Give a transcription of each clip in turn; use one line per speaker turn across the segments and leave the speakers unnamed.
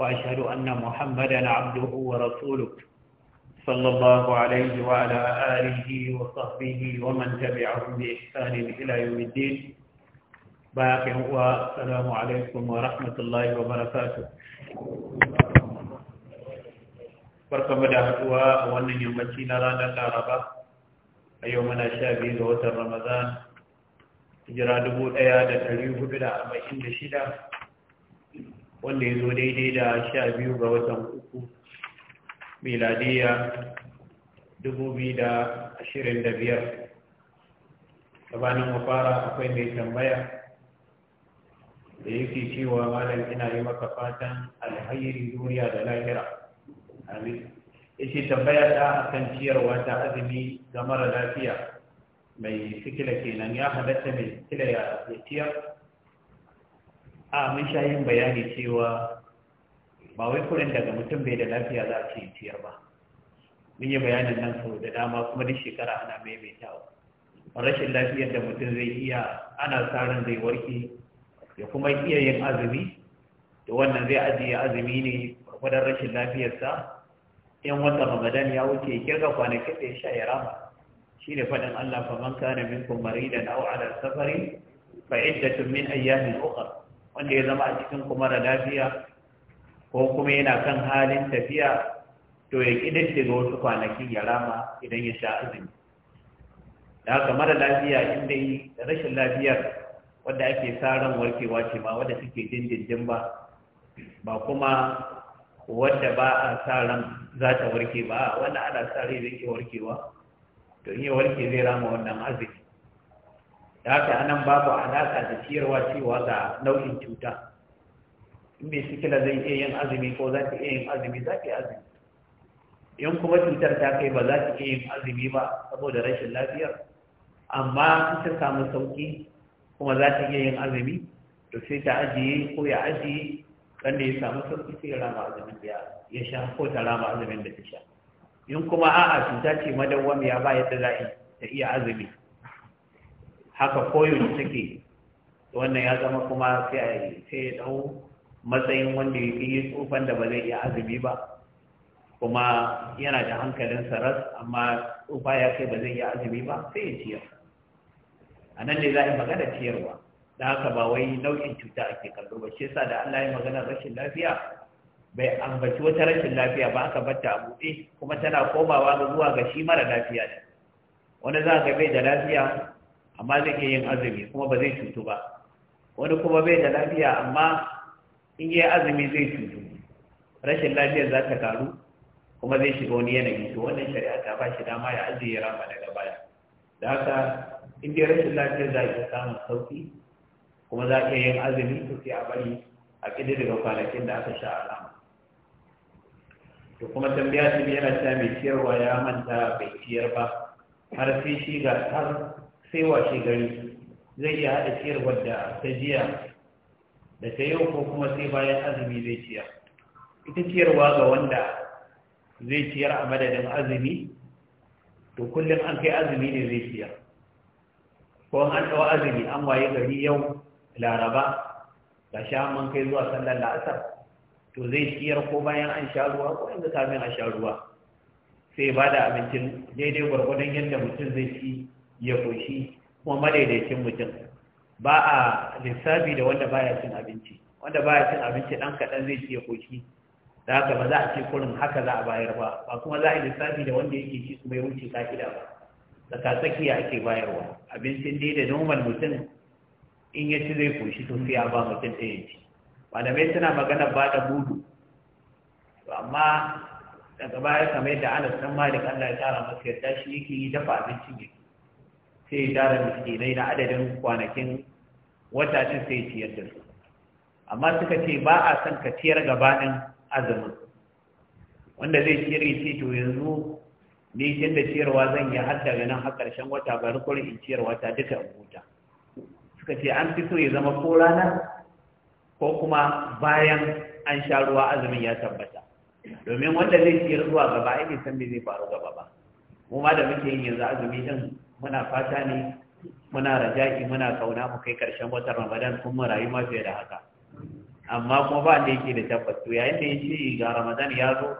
وأشهد أن محمدا عبده ورسوله صلى الله عليه وعلى آله وصحبه ومن تبعهم بإحسان إلى يوم الدين باقي هو السلام عليكم ورحمة الله وبركاته بركم الله هو أولا يوم الدين لا نتعرف أيوم نشابه رمضان جرى دبو الأياد تليه أما إن شده wanda ya zo daidai da sha biyu ga watan uku miladiya dubu biyu da ashirin da biyar gabanin mu akwai mai tambaya da yake cewa malam ina yi maka fatan alhairi duniya da lahira amin Ya ce tambaya ta akan ciyarwa ta azumi ga mara lafiya mai sikila kenan ya halatta mai sikila ya ciyar a mun sha yin bayani cewa ba wai kurin daga mutum bai da lafiya za a ce ciyar ba mun yi bayanin nan sau da dama kuma duk shekara ana maimaitawa rashin lafiyar da mutum zai iya ana tsarin zai warke ya kuma iya yin azumi da wannan zai ajiye azumi ne gwadon rashin lafiyarsa in wata ramadan ya wuce kirga kwanakin da ya sha ya rama shi ne faɗin allah fa man kana minkum maridan aw ala safari fa iddatun min ayyamin ukhra wanda ya zama a cikin kuma da lafiya ko kuma yana kan halin tafiya to ya daga wasu kwanaki ya rama idan ya sha azumi da haka mara lafiya inda yi rashin lafiyar wadda ake sa ran warkewa ce ma wadda take dindindin ba ba kuma wadda ba a sa ran za ta warke ba wannan ana sa rai zai warkewa to in ya warke zai rama wannan azumi da haka anan babu alaƙa da ciyarwa cewa ga nau'in cuta in mai sikila zai iya yin azumi ko za ta iya yin azumi za ta yi azumi in kuma cutar ta kai ba za ta iya yin azumi ba saboda rashin lafiyar amma in ta samu kuma za ta iya yin azumi to sai ta ajiye ko ya ajiye Dan da ya samu sauƙi sai ya rama azumin da ya sha ko ta rama azumin da ta sha in kuma a'a cuta ce madawwamiya ba yadda za ta iya azumi haka koyon take wannan ya zama kuma sai ya dau matsayin wanda ya yi tsufan da ba zai iya azumi ba kuma yana da hankalin saras amma tsufa ya kai ba zai iya azumi ba sai ya ciyar a nan ne za a yi magana ciyarwa da haka ba wai nau'in cuta ake kallo ba shi yasa da Allah ya magana rashin lafiya bai ambaci wata rashin lafiya ba aka batta a buɗe kuma tana komawa zuwa ga shi mara lafiya ne wani za ka bai da lafiya amma zai iya yin azumi kuma ba zai cutu ba wani kuma bai da lafiya amma in yi azumi zai cutu rashin lafiyar za ta karu kuma zai shiga wani yanayi to wannan shari'a ta ba shi dama ya ajiye rama daga baya da haka in dai rashin lafiyar za ta samu samun sauki kuma za ta yin azumi to sai a bari a daga kwanakin da aka sha alama to kuma tambaya ta biyar ta mai ciyarwa ya manta bai ciyar ba har sai shi ga har sai washe gari zai iya haɗa ciyar da ta jiya da ta yau ko kuma sai bayan azumi zai ciyar ita ciyarwa ga wanda zai ciyar a madadin azumi to kullum an kai azumi ne zai ciyar ko an ɗau azumi an waye gari yau laraba ga sha man kai zuwa sallar la'asar to zai ciyar ko bayan an sha ruwa ko yanzu kafin a sha ruwa sai ba da abincin daidai gwargwadon yadda mutum zai ci ya koshi kuma madaidaicin mutum ba a lissafi da wanda baya cin abinci wanda baya cin abinci dan kaɗan zai ci ya koshi da haka ba za a ce kurin haka za a bayar ba ba kuma za a yi lissafi da wanda yake ci kuma ya wuce ka'ida ba tsaka tsakiya ake bayarwa abincin dai da normal mutum in ya ci zai koshi to sai a ba mutum ɗaya ci malamai suna magana ba da gudu amma daga baya kamar yadda anas dan malik Allah ya tara masa yarda shi yake yi dafa abincin yake sai dara tara miskinai na adadin kwanakin wata din sai ciyar da su amma suka ce ba a son ka ciyar gabanin azumin wanda zai ciyar ya ce to yanzu ne kin da ciyarwa zan yi har daga nan har karshen wata bari kullum in ciyarwa ta duka in suka ce an fi so ya zama ko rana ko kuma bayan an sha ruwa azumin ya tabbata domin wanda zai ciyar zuwa gaba ai san me zai faru gaba ba mu ma da muke yin yanzu azumi din muna fata ne muna raja'i muna kauna mu kai karshen watan ramadan kun mu rayu mafi da haka amma kuma ba ne yake da tabbas to yayin da yace ga ramadan ya zo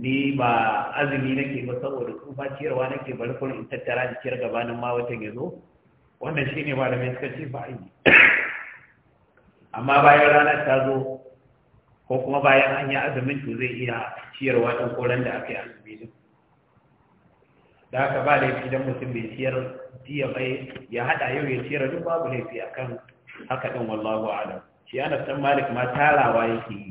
ni ba azumi nake ba saboda tsufa ciyarwa nake bari kullum in tattara da ciyar gabanin ma watan ya zo wannan shine malamai suka ce ba yi amma bayan ranar ta zo ko kuma bayan an yi azumin to zai iya ciyarwa ɗan koren da aka yi azumi din da haka ba laifi don mutum bai siyar jiya bai ya hada yau ya siyar duk babu laifi akan haka ɗin wallahu a'lam shi ana san malik ma tarawa yake yi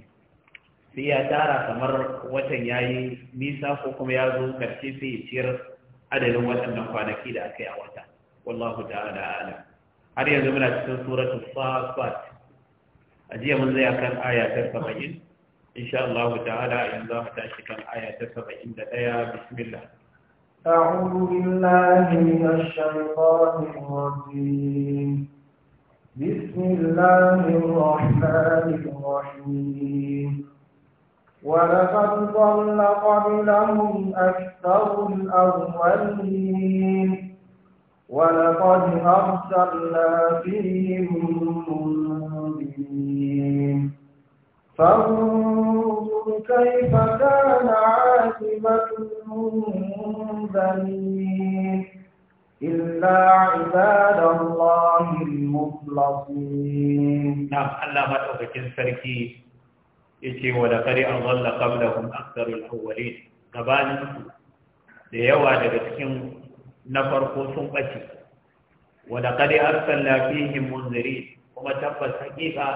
sai ya tara kamar watan yayi nisa ko kuma ya zo karshe sai ya siyar adadin waɗannan kwanaki da aka yi a wata wallahu ta'ala a'lam har yanzu muna cikin suratul safat a jiya mun zai kan aya ta 70 insha Allah ta'ala yanzu mu tashi kan aya ta ɗaya. bismillah
أعوذ بالله من الشيطان الرجيم بسم الله الرحمن الرحيم ولقد ضل قبلهم أكثر الأولين ولقد أرسلنا فيهم منذرين فانظر كيف كان عاقبة المنذرين بنين
إلا عباد الله Sarki نعم الله ما تفكين سركي يتي ولقد أضل قبلهم أكثر da yawa daga cikin na farko sun ɓace wadda kade arsan lafihin kuma tabbas haƙiƙa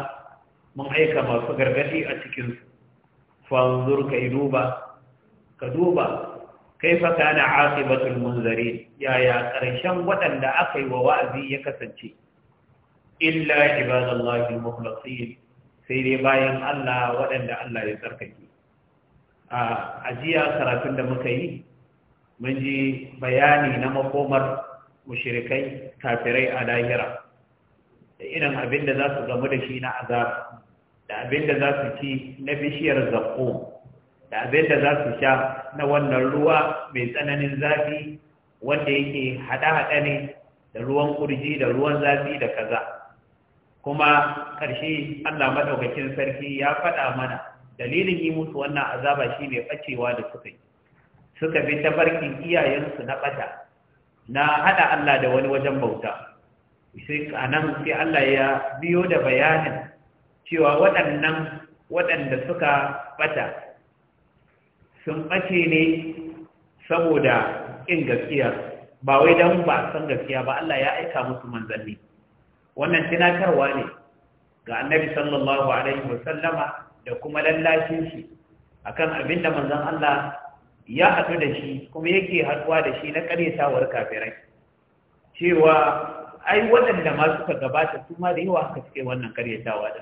mun aika masu gargaɗi a cikinsu fanzur ka yi duba ka duba kaifa kana aqibatul zare. yaya karshen waɗanda aka yi wa wa'azi ya kasance illa ibadallahi al-mukhlasin sai dai bayan Allah waɗanda Allah ya tsarkake a ajiya karatun da muka yi mun ji bayani na makomar mushirikai kafirai a lahira da irin abin da za su gamu da shi na azab da abin da za su ci na bishiyar zakko da abin da za su sha na wannan ruwa mai tsananin zafi wanda yake haɗa-haɗa ne da ruwan ƙurji da ruwan zafi da kaza kuma ƙarshe Allah maɗaukakin sarki ya faɗa mana dalilin yi musu wannan azaba shi ne ɓacewa da suka yi suka bi ta barkin iyayensu na ɓata na haɗa Allah da wani wajen bauta sai a nan sai Allah ya biyo da bayanin cewa waɗannan waɗanda suka ɓata sun ɓace ne saboda ƙin gaskiya ba wai don ba a san gaskiya ba Allah ya aika musu manzanni wannan tunatarwa ne ga annabi sallallahu alaihi wasallama da kuma lallashin shi akan abin da manzan Allah ya haɗu da shi kuma yake haɗuwa da shi na ƙaryatawar kafirai cewa ai waɗanda ma suka gabata su ma da yawa haka suke wannan ƙaryatawa da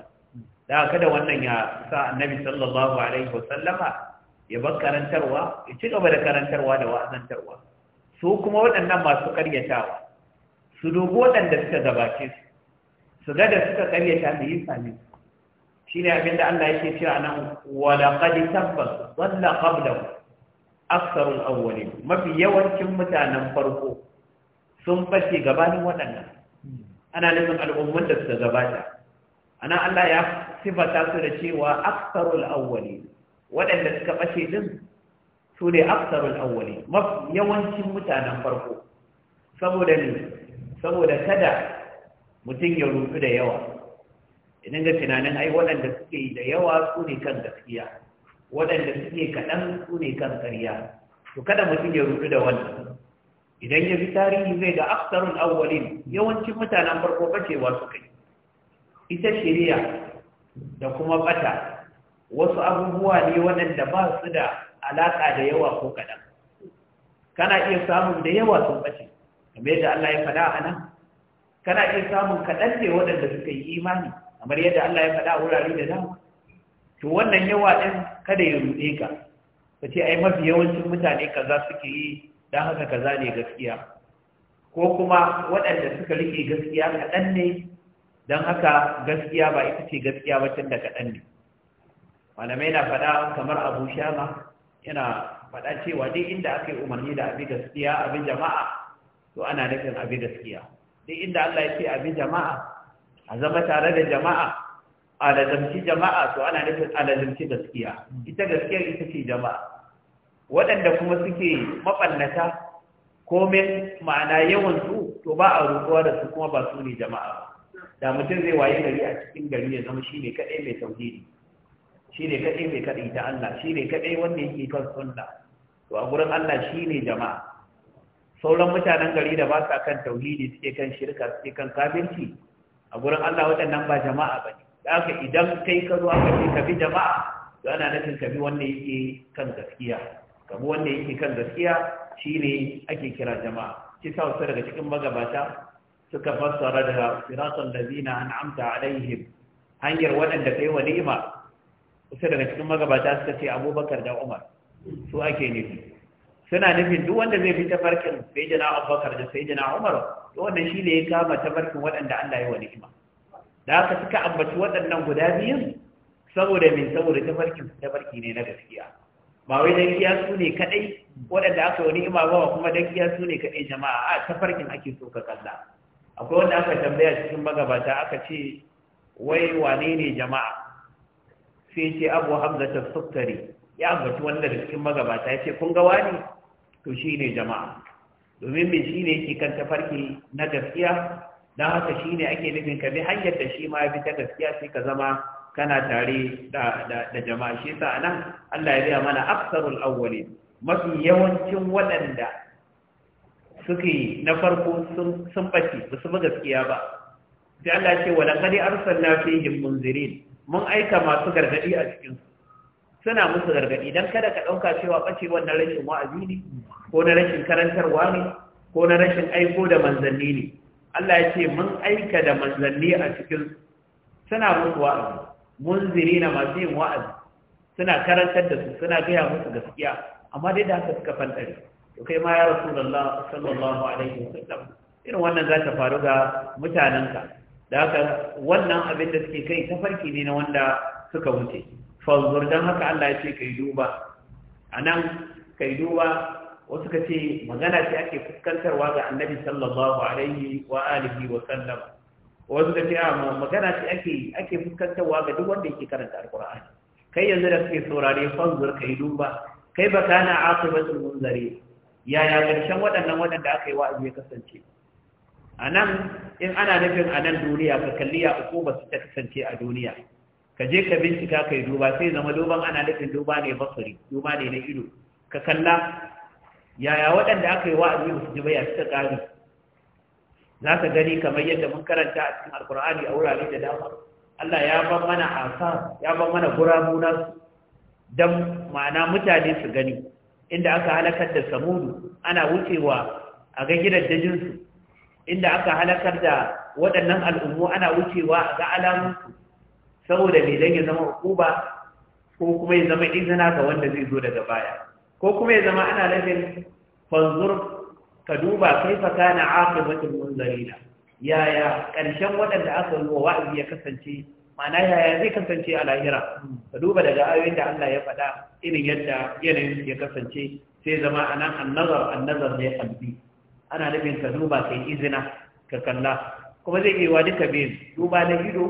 da kada wannan ya sa annabi sallallahu alaihi wasallama ya bar karantarwa ya ci gaba da karantarwa da wa'azantarwa su kuma waɗannan masu karyatawa su dubu waɗanda suka gabace su su ga da suka karyata da yi sami shi ne abin da Allah yake cewa nan walaƙadi tabbas wanda ƙablan aksaru awwalin mafi yawancin mutanen farko sun fashe gabanin waɗannan ana nufin al'ummar da suka gabata ana Allah ya sifata su da cewa aksaru awwalin waɗanda suka ɓace din su ne aksarul awwali yawancin mutanen farko saboda ne saboda kada mutum ya rufu da yawa idan ga tunanin ai waɗanda suke da yawa su ne kan gaskiya waɗanda suke kaɗan su ne kan ƙarya to kada mutum ya rufu da wannan idan ya bi tarihi zai ga aksarul awwalin yawancin mutanen farko ɓacewa su kai ita shirya da kuma ɓata. wasu abubuwa ne waɗanda ba su da alaƙa da yawa ko kaɗan kana iya samun da yawa sun ɓace kamar yadda Allah ya faɗa a nan kana iya samun kaɗan ne waɗanda suka yi imani kamar yadda Allah ya faɗa a wurare da dama to wannan yawa ɗin kada ya ruɗe ka ka ce ai mafi yawancin mutane kaza suke yi don haka kaza ne gaskiya ko kuma waɗanda suka riƙe gaskiya kaɗan ne don haka gaskiya ba ita ce gaskiya ba tun da kaɗan ne malamai na faɗa kamar abu shama yana faɗa cewa duk inda aka yi umarni da abin gaskiya abin jama'a to ana nufin abin gaskiya duk inda Allah ya ce abin jama'a a zama tare da jama'a a lazamci jama'a to ana nufin a lazamci gaskiya ita gaskiyar ita ce jama'a waɗanda kuma suke ko komai ma'ana yawan su to ba a rubuwa da su kuma ba su ne jama'a da mutum zai waye gari a cikin gari ya zama shi ne kaɗai mai tauhidi shi ne kaɗai mai kaɗai ta Allah shi ne kaɗai wanda yake kan sunna to a gurin Allah shi ne jama'a sauran mutanen gari da ba sa kan tauhidi suke kan shirka suke kan kafirci a gurin Allah waɗannan ba jama'a ba ne haka idan kai ka zo aka ce ka bi jama'a to ana nufin ka bi wanda yake kan gaskiya ka bi wanda yake kan gaskiya shi ne ake kira jama'a shi sa wasu daga cikin magabata suka fassara da siratan lazina an'amta alaihim hanyar waɗanda kai wa ni'ima kusa daga cikin magabata suka ce abubakar da umar su ake nufi suna nufin duk wanda zai fi tafarkin sai jana abubakar da sai jana umar to wannan shi ne ya kama tafarkin waɗanda allah ya wa ni'ima da haka suka ambaci waɗannan guda biyun saboda min saboda tafarkin su tafarki ne na gaskiya ba wai dan su ne kadai waɗanda aka yi ni'ima ba kuma dan su ne kadai jama'a a tafarkin ake so ka kalla akwai wanda aka tambaya cikin magabata aka ce wai wane ne jama'a sai ce abu hamza ta suktari ya ambaci wanda da cikin magabata ya ce kun gawa ne to shi ne jama'a domin mai shi ne ke kan tafarki na gaskiya don haka shi ne ake nufin ka hanyar da shi ma ya fi ta gaskiya sai ka zama kana tare da jama'a shi yasa nan Allah ya biya mana aksarul awwali mafi yawancin waɗanda suke na farko sun ɓace ba su bi gaskiya ba sai Allah ya ce wa laqad arsalna fihim munzirin mun aika masu gargadi a cikin suna musu gargadi dan kada ka dauka cewa bace wannan rashin wa'azi ne ko na rashin karantarwa ne ko na rashin aiko da manzanni ne Allah ya ce mun aika da manzanni a cikin suna musu wa'azi munziri na masu yin wa'azi suna karantar da su suna gaya musu gaskiya amma dai da haka suka fantare to kai ma ya rasulullah sallallahu alaihi wasallam irin wannan za ta faru ga mutanenka da haka wannan abin da suke kai ta farki ne na wanda suka wuce fanzur don haka Allah ya ce kai duba a nan kai duba wasu ka ce magana ce ake fuskantarwa ga annabi sallallahu alaihi wa alihi wa sallam wasu ka ce magana ce ake ake fuskantarwa ga duk wanda yake karanta alqur'ani kai yanzu da suke saurare fanzur kai duba kai ba kana aqibatul munzari yaya karshen waɗannan waɗanda aka yi wa'azi ya kasance a nan in ana nufin a nan duniya ka kalli ya uku ba su ta kasance a duniya ka je ka bincika kai duba sai zama duban ana nufin duba ne basari duba ne na ido ka kalla yaya waɗanda aka yi wa'azi ba su ji baya suka ƙari za ka gani kamar yadda mun karanta a cikin alkur'ani a wurare da dama Allah ya ban mana asa ya ban mana guramu na don ma'ana mutane su gani inda aka halakar da samudu ana wucewa a ga gidan su inda aka halakar da waɗannan al'ummu ana wucewa ga alamunsu saboda mai don ya zama hukuba ko kuma ya zama izina ga wanda zai zo daga baya ko kuma ya zama ana nufin fanzur ka duba kai fa kana aqibatul munzarina yaya ƙarshen waɗanda aka yi wa wa'azi ya kasance ma'ana yaya zai kasance a lahira ka duba daga ayoyin da Allah ya faɗa irin yadda yanayin ya kasance sai zama a nan annazar annazar ne kalbi ana nufin ka duba kai izina ka kalla kuma zai iya duka biyu duba na ido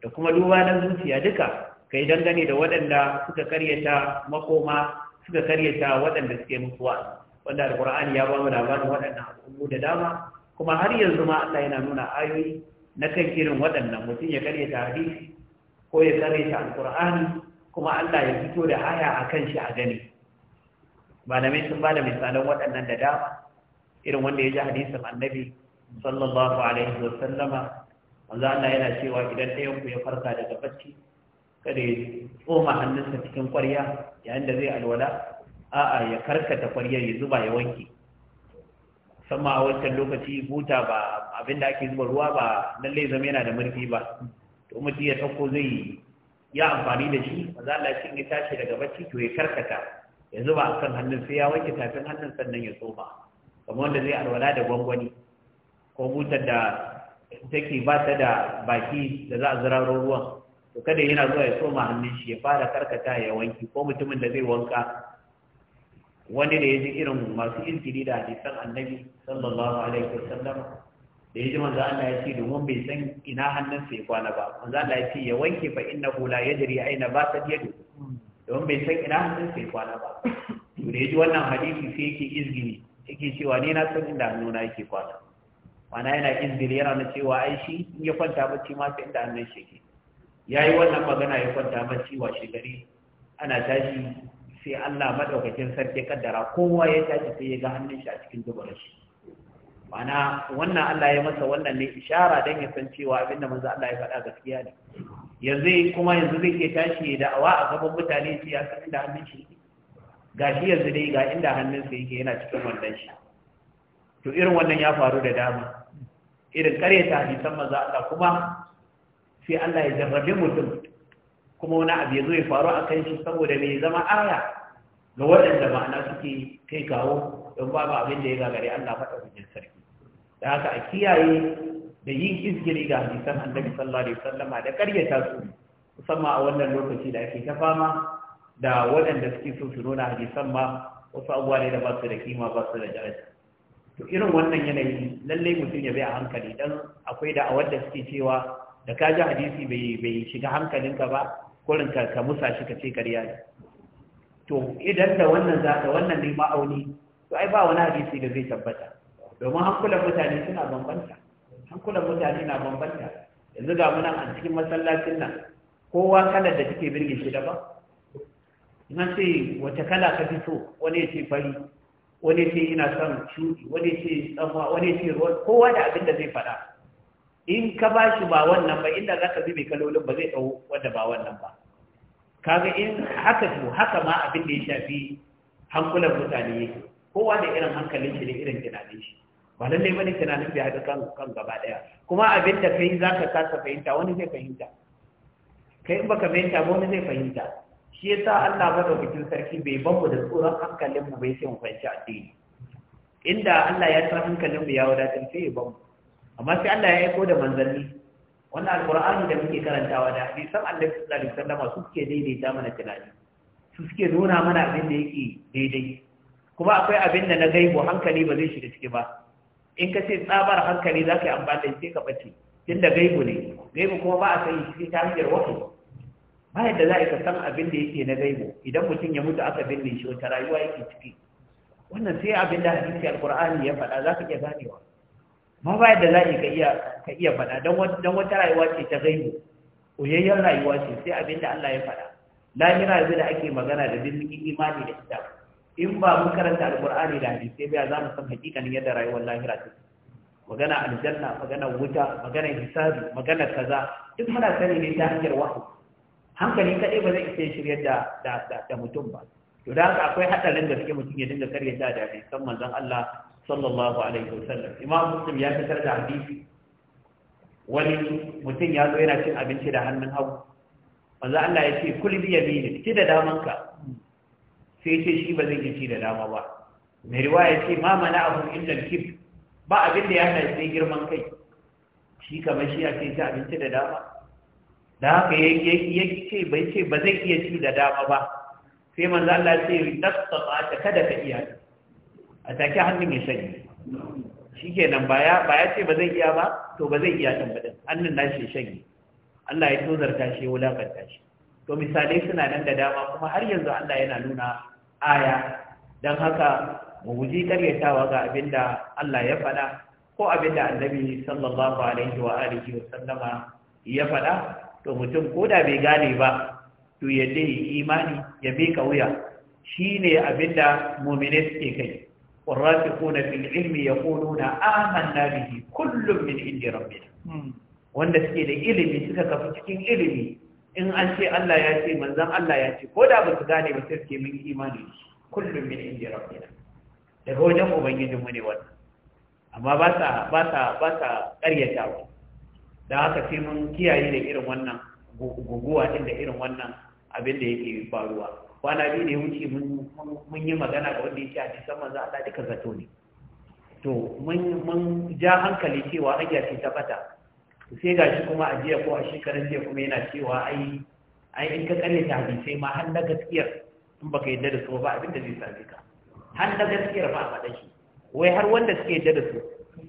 da kuma duba na zuciya duka ka yi dangane da waɗanda suka karyata makoma suka karyata waɗanda suke mutuwa wanda alkur'ani ya ba mu labarin waɗannan abubuwa da dama kuma har yanzu ma Allah yana nuna ayoyi na kan irin waɗannan mutum ya karyata hadisi ko ya karyata Alƙur'ani, kuma Allah ya fito da haya a kan shi a gani Ba na malamai sun ba da misalan waɗannan da dama irin wanda ya ji hadisin annabi sallallahu alaihi wa sallama wanzu Allah yana cewa idan ɗayan ya farka daga bacci kada ya tsoma hannunsa cikin ƙwarya yayin da zai alwala a'a ya karkata ƙwaryar ya zuba ya wanke Sama a wancan lokaci buta ba abin da ake zuba ruwa ba lalle zama yana da murfi ba to mutum ya sauko zai ya amfani da shi maza Allah shi ya tashi daga bacci to ya karkata ya zuba a kan hannun sai ya wanke tafin hannun sannan ya tsoma kamar wanda zai alwala da gwangwani ko butar da take ba ta da baki da za a ziraro ruwan to kada yana zuwa ya soma hannun shi ya fara karkata ya wanki ko mutumin da zai wanka wani da ya ji irin masu iskiri da hadisan annabi sallallahu alaihi wasallam da ya ji manzo Allah ya ce domin bai san ina hannun sa ya kwana ba manzo Allah ya ce ya wanke fa innahu la yadri aina ba ta yadu domin bai san ina hannun sa ya kwana ba to da ya ji wannan hadisi sai yake izgini yake cewa ni na san inda hannuna yake kwana mana yana dire yana na cewa ai shi in ya kwanta bacci ma sai inda hannun shi yake ya wannan magana ya kwanta bacci wa gari ana tashi sai Allah madaukakin sarki kaddara kowa ya tashi sai ya ga hannun shi a cikin dubarar shi mana wannan Allah ya masa wannan ne ishara dan ya san cewa abinda manzo Allah ya faɗa gaskiya ne yanzu kuma yanzu zai ke tashi da awa a gaban mutane shi ya san inda hannun shi ga shi yanzu dai ga inda hannunsa yake yana cikin wannan shi to irin wannan ya faru da dama irin karyata hadisan manzo Allah kuma sai Allah ya jarrabe mutum kuma wani abu ya zo ya faru a kan shi saboda mai zama aya ga waɗanda ma'ana suke kai kawo don babu abin da ya gagare Allah maɗaukakin sarki da haka a kiyaye da yin izgiri ga hadisan annabi sallallahu alaihi wasallama da karyata su musamman a wannan lokaci da ake ta fama da waɗanda suke so su nuna hadisan ma wasu abubuwa ne da ba su da kima ba su da daraja to irin wannan yanayi lallai mutum ya bi a hankali dan akwai da awar da suke cewa da ka ji hadisi bai bai shiga hankalinka ba kurin ka ka musa shi ka ce kariya ne to idan da wannan za wannan ne ma'auni to ai ba wani hadisi da zai tabbata domin hankulan mutane suna bambanta hankulan mutane na bambanta yanzu ga muna a cikin masallacin nan kowa kalar da take birge shi daban na ce wata kala ka fi so wani ya ce fari wani ya ce ina son shuɗi wani ya ce tsamma wani ya ce ruwa kowa da abin da zai faɗa in ka ba shi ba wannan ba inda za ka bi mai kalolin ba zai ɗau wanda ba wannan ba kaga in haka to haka ma abin da ya shafi hankulan mutane yake kowa da irin hankalin shi ne irin tunanin shi ba lallai bane tunanin bai haka kan kan gaba daya kuma abin da kai zaka kasa fahimta wani zai fahimta kai in baka fahimta ba wani zai fahimta shi yasa Allah bikin sarki bai ban mu da tsoron hankalin mu bai sai mu fanci addini inda Allah ya tsara hankalin mu ya wadatar sai ya ban mu amma sai Allah ya aiko da manzanni wannan alqur'ani da muke karantawa da hadisan Allah sallallahu alaihi wasallam su suke daidaita mana tunani su suke nuna mana abin da yake daidai kuma akwai abin da na gaibo hankali ba zai shiga ciki ba in ka ce tsabar hankali za ka yi amfani sai ka bace tun da gaibo ne gaibo kuma ba a sai shi ta hanyar wahayi ba yadda za ka san abin da yake na gaibo idan mutum ya mutu aka binne shi wata rayuwa yake ciki wannan sai abin da hadisi alqur'ani ya faɗa za ka iya ganewa ma ba yadda za a ka iya faɗa don wata rayuwa ce ta gaibo uyayyen rayuwa ce sai abin da Allah ya faɗa lahira yanzu da ake magana da dindin imani da ita in ba mun karanta alqur'ani da hadisi ba za mu san hakikanin yadda rayuwar lahira ce. magana aljanna magana wuta magana hisabi magana kaza duk muna sani ne ta hanyar wahayi hankali kaɗai ba zai isa shiryar da da mutum ba to da haka akwai hadarin da suke mutum ya dinga karya da san manzon Allah sallallahu alaihi wasallam imam muslim ya fitar da hadisi wani mutum ya zo yana cin abinci da hannun hagu manzon Allah ya ce kul bi yamini ki da damanka sai ce shi ba zai ci da dama ba mai riwaya ce ma mana abu illa kib ba abin da ya hana sai girman kai shi kamar shi ya ce abinci da dama da haka ya ce bai ce ba zai iya ci da dama ba sai manzo Allah ce nasta ta kada ka iya a take hannun ya shanye shikenan baya ya ba ya ce ba zai iya ba to ba zai iya din ba hannun nashi ya shanye Allah ya tozarta shi ya wulakanta shi to misalai suna nan da dama kuma har yanzu Allah yana nuna aya dan haka mu guji karyatawa ga abinda Allah ya faɗa ko abinda annabi sallallahu alaihi wa alihi wa sallama ya faɗa to mutum ko da bai gane ba to ya yi imani ya mika wuya Shi ne abinda mu'mini suke kai ya ko nuna aman na biyu kullum min عند rabbi hmm. wanda suke da ilimi suka kafa cikin ilimi in an ce Allah ya ce manzan Allah ya ce ko da ba su gane ba sai suke min imani kullum min inda rabbi daga wajen ubangijin mu ne wannan amma ba sa ba sa ba sa ƙaryatawa da haka sai mun kiyaye da irin wannan guguwa din da irin wannan abin da yake faruwa kwana biyu da ya wuce mun yi magana ga wanda yake a za a Allah duka zato ne to mun ja hankali cewa hanya ce ta bata sai gashi kuma a jiya ko a shekaran jiya kuma yana cewa ai ai in ka kalle ta sai ma har na gaskiyar in baka yadda da su ba abin da zai same ka har na gaskiyar ba a faɗa shi wai har wanda suke yadda da su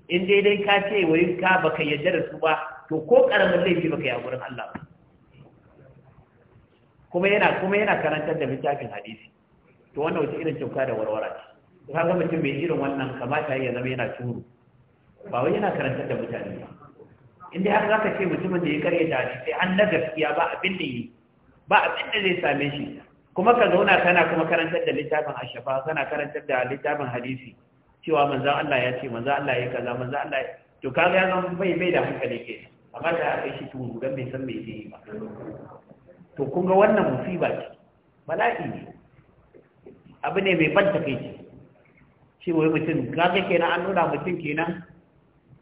in daidai ka ce wai ka baka yadda da su ba to ko karamin laifi baka yi a gurin Allah ba kuma yana kuma yana karantar da littafin hadisi to wannan wace irin cewa da warwara ce ka ga mutum mai irin wannan kamata ya zama yana turu ba wai yana karantar da mutane ba inda har zaka ce mutumin da ya karya da hadisi an na gaskiya ba abin da yi ba abin da zai same shi kuma ka zauna kana kuma karantar da littafin ashafa kana karantar da littafin hadisi cewa manzon Allah ya ce manzon Allah ya kaza manzon Allah to kaga ya zama bai bai da hankali kenan amma da aka shi turu don bai san mai yi ba to kun ga wannan musiba ce bala'i ne abu ne mai ban ce shi wai mutum kai kenan an nuna mutum kenan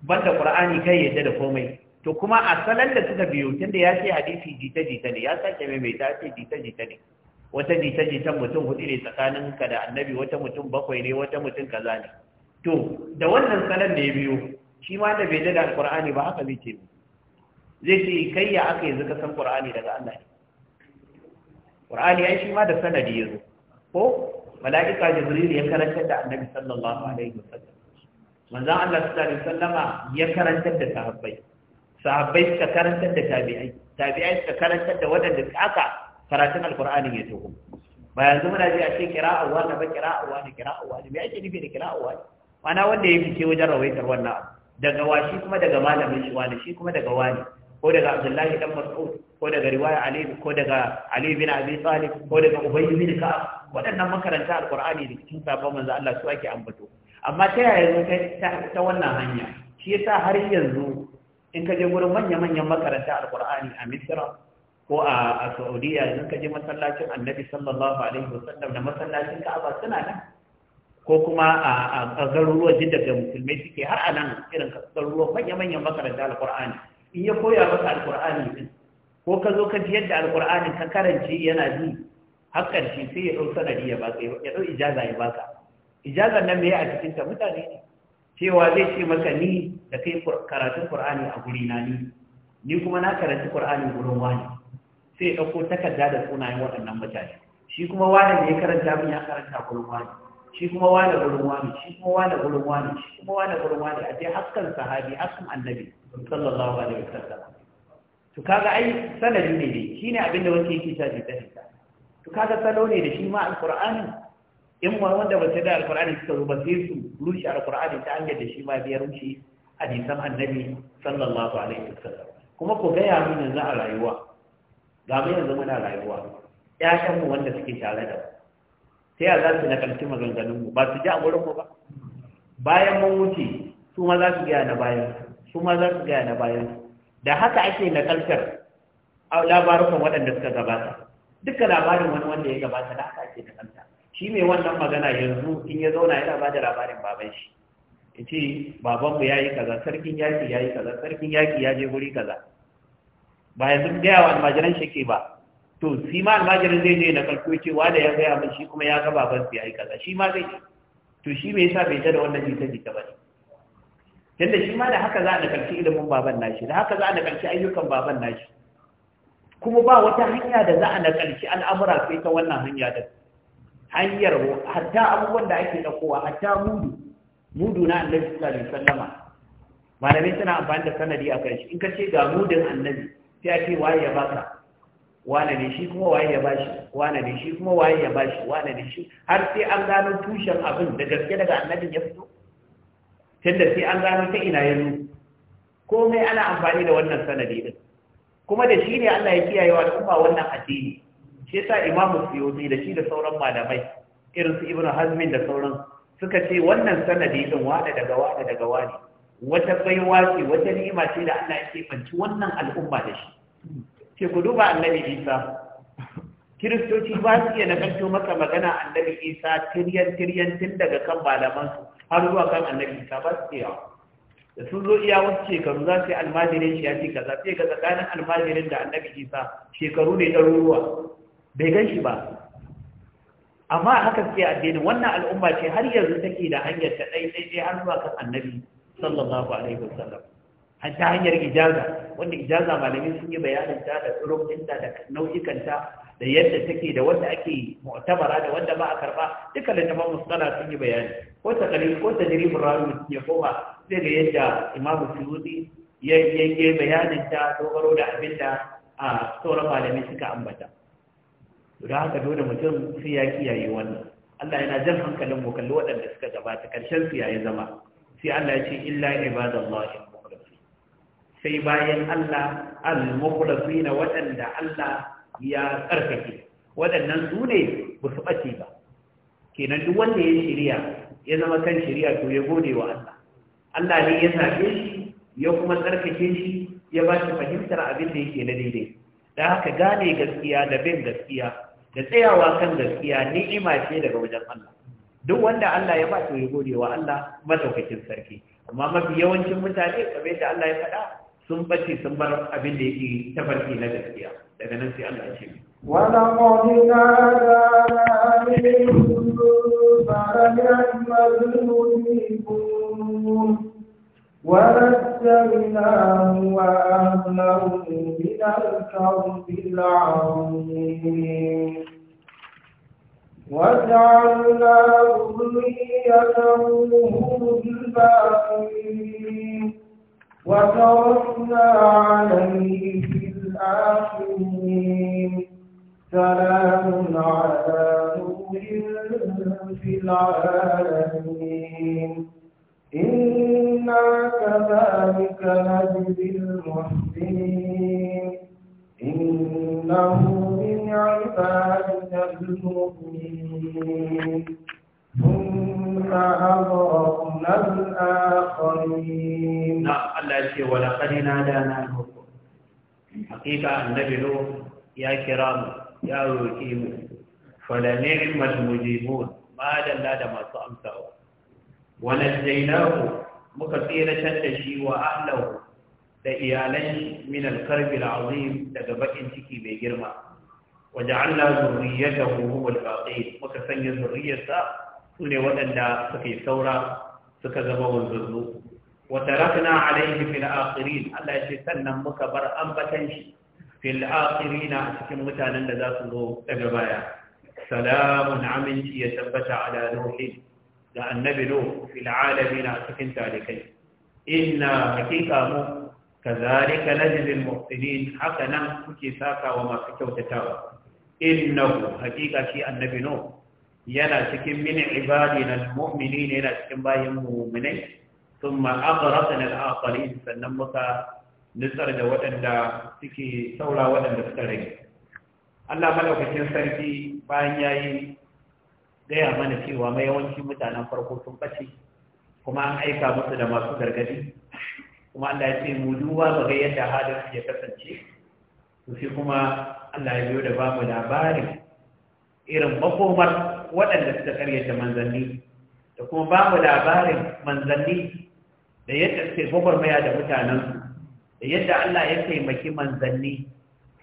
da qur'ani kai yadda da komai to kuma a salar da suka biyo tunda ya ce hadisi jita jita ne ya sake mai mai ta ce jita jita ne wata jita jita mutum hudu ne tsakanin ka da annabi wata mutum bakwai ne wata mutum kaza ne to da wannan salar da ya biyo shi ma da bai da alqur'ani ba haka zai ce mu zai ce kai ya aka yanzu ka san ƙur'ani daga Allah ne ya. ai shi ma da sanadi zo. ko mala'ika jibril ya karantar da annabi sallallahu alaihi sallam manzon Allah sallallahu alaihi sallama ya karantar da sahabbai sahabbai suka karantar da tabi'ai tabi'ai suka karantar da wadanda aka karatun Alƙur'ani ya tuhu ba yanzu muna ji a ce qira'a na ba kira wani qira'a wani me ake nufi da qira'a wani mana wanda ya fice wajen rawaitar wannan daga shi kuma daga malamin shi wani shi kuma daga wani ko daga Abdullahi dan Mas'ud ko daga riwaya Ali ko daga Ali bin Abi Talib ko daga Ubay bin Ka'ab waɗannan makaranta al da cikin sabon manzo Allah su ake ambato amma ta yaya kai ta wannan hanya shi yasa har yanzu in ka je gurin manya-manyan makaranta al a Misra ko a Saudiya in ka je masallacin Annabi sallallahu alaihi wasallam da masallacin Ka'aba suna nan ko kuma a garuruwan jidda da musulmai suke har a nan irin garuruwan manya-manyan makaranta alkur'ani in ya koya maka alkur'ani din ko ka zo ka ji yadda alkur'ani ka karance yana ji Hakan shi sai ya ɗau sanadi ya baka ya ɗau ijaza ya baka ijazar nan me a cikin ta mutane ne cewa zai ce maka ni da kai karatun qur'ani a guri na ni ni kuma na karanci qur'ani gurin wani sai ya ɗauko takarda da sunayen waɗannan mutane shi kuma wani ne ya karanta min ya karanta gurin wani shi kuma wani gurin wani shi kuma wani gurin wani shi kuma wani gurin wani a dai hakkan sahabi hakkan annabi sallallahu alaihi wasallam to kaga ai sanadin ne dai shine abinda wanda yake ta ji ta to kaga salo ne da shi ma alqur'ani in ma wanda ba ta da alqur'ani suka zo ba sai su rushe alqur'ani ta hanyar da shi ma biyar rushe hadisan annabi sallallahu alaihi wasallam kuma ko gaya mun yanzu a rayuwa ga mu yanzu muna rayuwa ƴaƴan mu wanda suke tare da mu sai a za su nakalci maganganun mu ba su ji a wurin mu ba bayan mun wuce su ma za su gaya na bayan su ma za su gaya na bayan da haka ake nakaltar labarukan waɗanda suka gabata duka labarin wani wanda ya gabata da haka ake kanta shi mai wannan magana yanzu in ya zauna yana ba da labarin baban shi ya ce babanmu ya yi kaza sarkin yaƙi ya yi kaza sarkin yaƙi ya je wuri kaza ba yanzu gaya wa almajiran shi ke ba to shi ma almajiran zai je na kalko wa da ya gaya min shi kuma ya ga baban su ya yi kaza shi ma zai to shi me yasa bai ta da wannan jita jita ba ne yadda shi ma da haka za a nakalci ilimin baban nashi da haka za a nakalci ayyukan baban nashi kuma ba wata hanya da za a nakalci al'amura sai ta wannan hanya da hanyar hatta abubuwan da ake ɗaukowa hatta mudu mudu na annabi sallallahu alaihi wasallama malamai suna amfani da sanadi a kai shi in ka ce ga mudin annabi sai a ce waye ya baka wane ne shi kuma waye ya bashi wane ne shi kuma waye ya bashi wane ne shi har sai an gano tushen abin da gaske daga annabin ya fito tunda sai an gano ta ina yanzu komai ana amfani da wannan sanadi din kuma da shi ne Allah ya kiyaye wa al'umma wannan addini shi yasa Imam Suyuti da shi da sauran malamai irin su Ibn Hazm da sauran suka ce wannan sanadi din wada daga wada daga wani wata baiwa ce wata ni'ima ce da Allah ya wannan al'umma da shi ce ku duba Annabi Isa Kiristoci ba su iya nakanto maka magana Annabi Isa tiryan tiryan tun daga kan malamansu har zuwa kan annabi ta ba su iya. da sun zo iya wasu shekaru za su yi almajirin shi ya ce Za su ga tsakanin almajirin da annabi isa shekaru ne ɗaruruwa bai gan shi ba amma haka suke addini wannan al'umma ce har yanzu take da hanyar ta ɗai ɗai har zuwa kan annabi sallallahu alaihi wasallam ta hanyar ijaza wanda ijaza malami sun yi bayanin ta da tsuruktinta da nau'ikanta da yadda take da wanda ake mu'tabara da wanda ba a karba duka littafin musala sun yi bayani ko ta kalil ko ta jiribin rawi ya koma zai ga yadda imam suyuti ya yanke bayanin ta dogaro da abin da a sauran malami suka ambata to da haka dole mutum sai ya kiyaye wannan Allah yana jan hankalin mu kalli waɗanda suka gabata karshen su yayi zama sai Allah ya ce illa ibadallahi sai bayan Allah al-mukhlasin waɗanda Allah ya tsarkake waɗannan su ne ba su ɓace ba kenan duk wanda ya shirya ya zama kan shirya to ya gode wa Allah Allah ne ya zaɓe shi ya kuma tsarkake shi ya ba shi fahimtar abin da yake na daidai da haka gane gaskiya da bin gaskiya da tsayawa kan gaskiya ni'ima ce daga wajen Allah duk wanda Allah ya ba to ya gode wa Allah madaukakin sarki amma mafi yawancin mutane kamar da Allah ya faɗa sun bace sun bar abin da yake tafarki na gaskiya daga nan sai Allah ce
ولقد نادانا من فلنعم المجيبون وأهله من الكرب العظيم وجعلنا ذريته هم الباقين وتركنا عليه في حميم سلام على نور في العالمين إنا كذلك نجزي المحسنين إنه من عبادنا المؤمنين ثم أغرقنا الآخرين
نعم الله يقول ولقد نادانا نور haƙiƙa annabi no ya kira mu ya roƙi mu falanin malmujimun madalla da masu amsawa wani zainahu muka can da shi wa allahu da iyalan min alkarbi al'azim daga bakin ciki mai girma waje Allah zurriyatahu da al-baqi muka sanya zurriyarsa su ne waɗanda suka yi saura suka zama wanzanzu وتركنا عليه في الآخرين الله يسنن مكبر أنبتنش في الآخرين أتكم متانا لذات الله أجبايا سلام عمن يثبت على نوح لأن نبي نوح في العالمين أتكم ذلك إنا حقيقة كذلك نجد المحسنين حسنا كيساكا وما فكو تتاوى إنه حقيقة شيء النبي نوح ينا تكم من عبادنا المؤمنين ينا تكم باهم مؤمنين ثم أغرقنا الآخرين فنمك نصر ودن سكي سولا ودن دفترين الله sarki bayan بان ياي gaya mana cewa mai yawanci mutanen farko sun bace kuma an aika musu da masu gargadi kuma Allah ya ce mu ga yadda halin ya kasance to sai kuma Allah ya biyo da ba mu irin makomar waɗanda suka karyata manzanni da kuma ba mu labarin manzanni da yadda suke gwagwarmaya da mutanensu da yadda Allah ya taimaki manzanni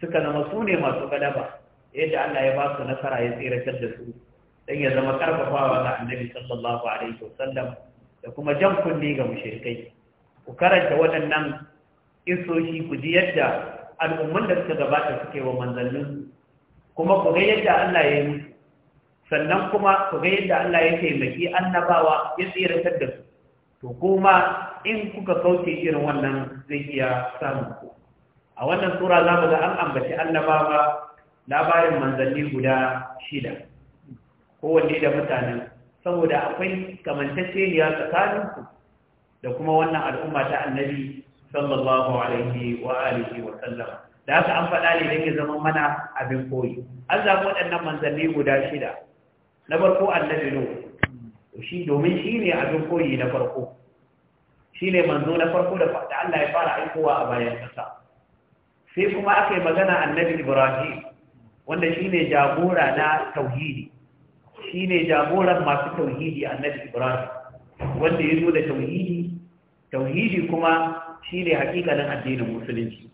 suka zama su ne masu galaba yadda Allah ya ba su nasara ya tsiratar da su dan ya zama karfafawa ga annabi sallallahu alaihi wasallam da kuma jan kunne ga mushrikai ku karanta waɗannan isoshi ku ji yadda al'umman da suka gabata suke wa manzannin kuma ku ga yadda Allah ya yi sannan kuma ku ga yadda Allah ya taimaki annabawa ya tsiratar da su to kuma in kuka kauce irin wannan zai iya samun ku a wannan sura za mu ga an ambaci annabawa labarin manzanni guda shida kowanne da mutanen saboda akwai tsakanin tsakaninku da kuma wannan al'umma ta annabi sallallahu alaihi wa alihi wa sallam da haka an faɗa ne don ya zama mana abin koyi an zaɓi waɗannan manzanni guda shida na farko annabi nuhu shi domin shi ne abin koyi na farko shi ne manzo na farko da Allah ya fara aikowa a bayan kasa sai kuma aka yi magana annabi ibrahim wanda shi ne jagora na tauhidi shi ne jagoran masu tauhidi annabi ibrahim wanda ya zo da tauhidi tauhidi kuma shi ne hakikalin addinin musulunci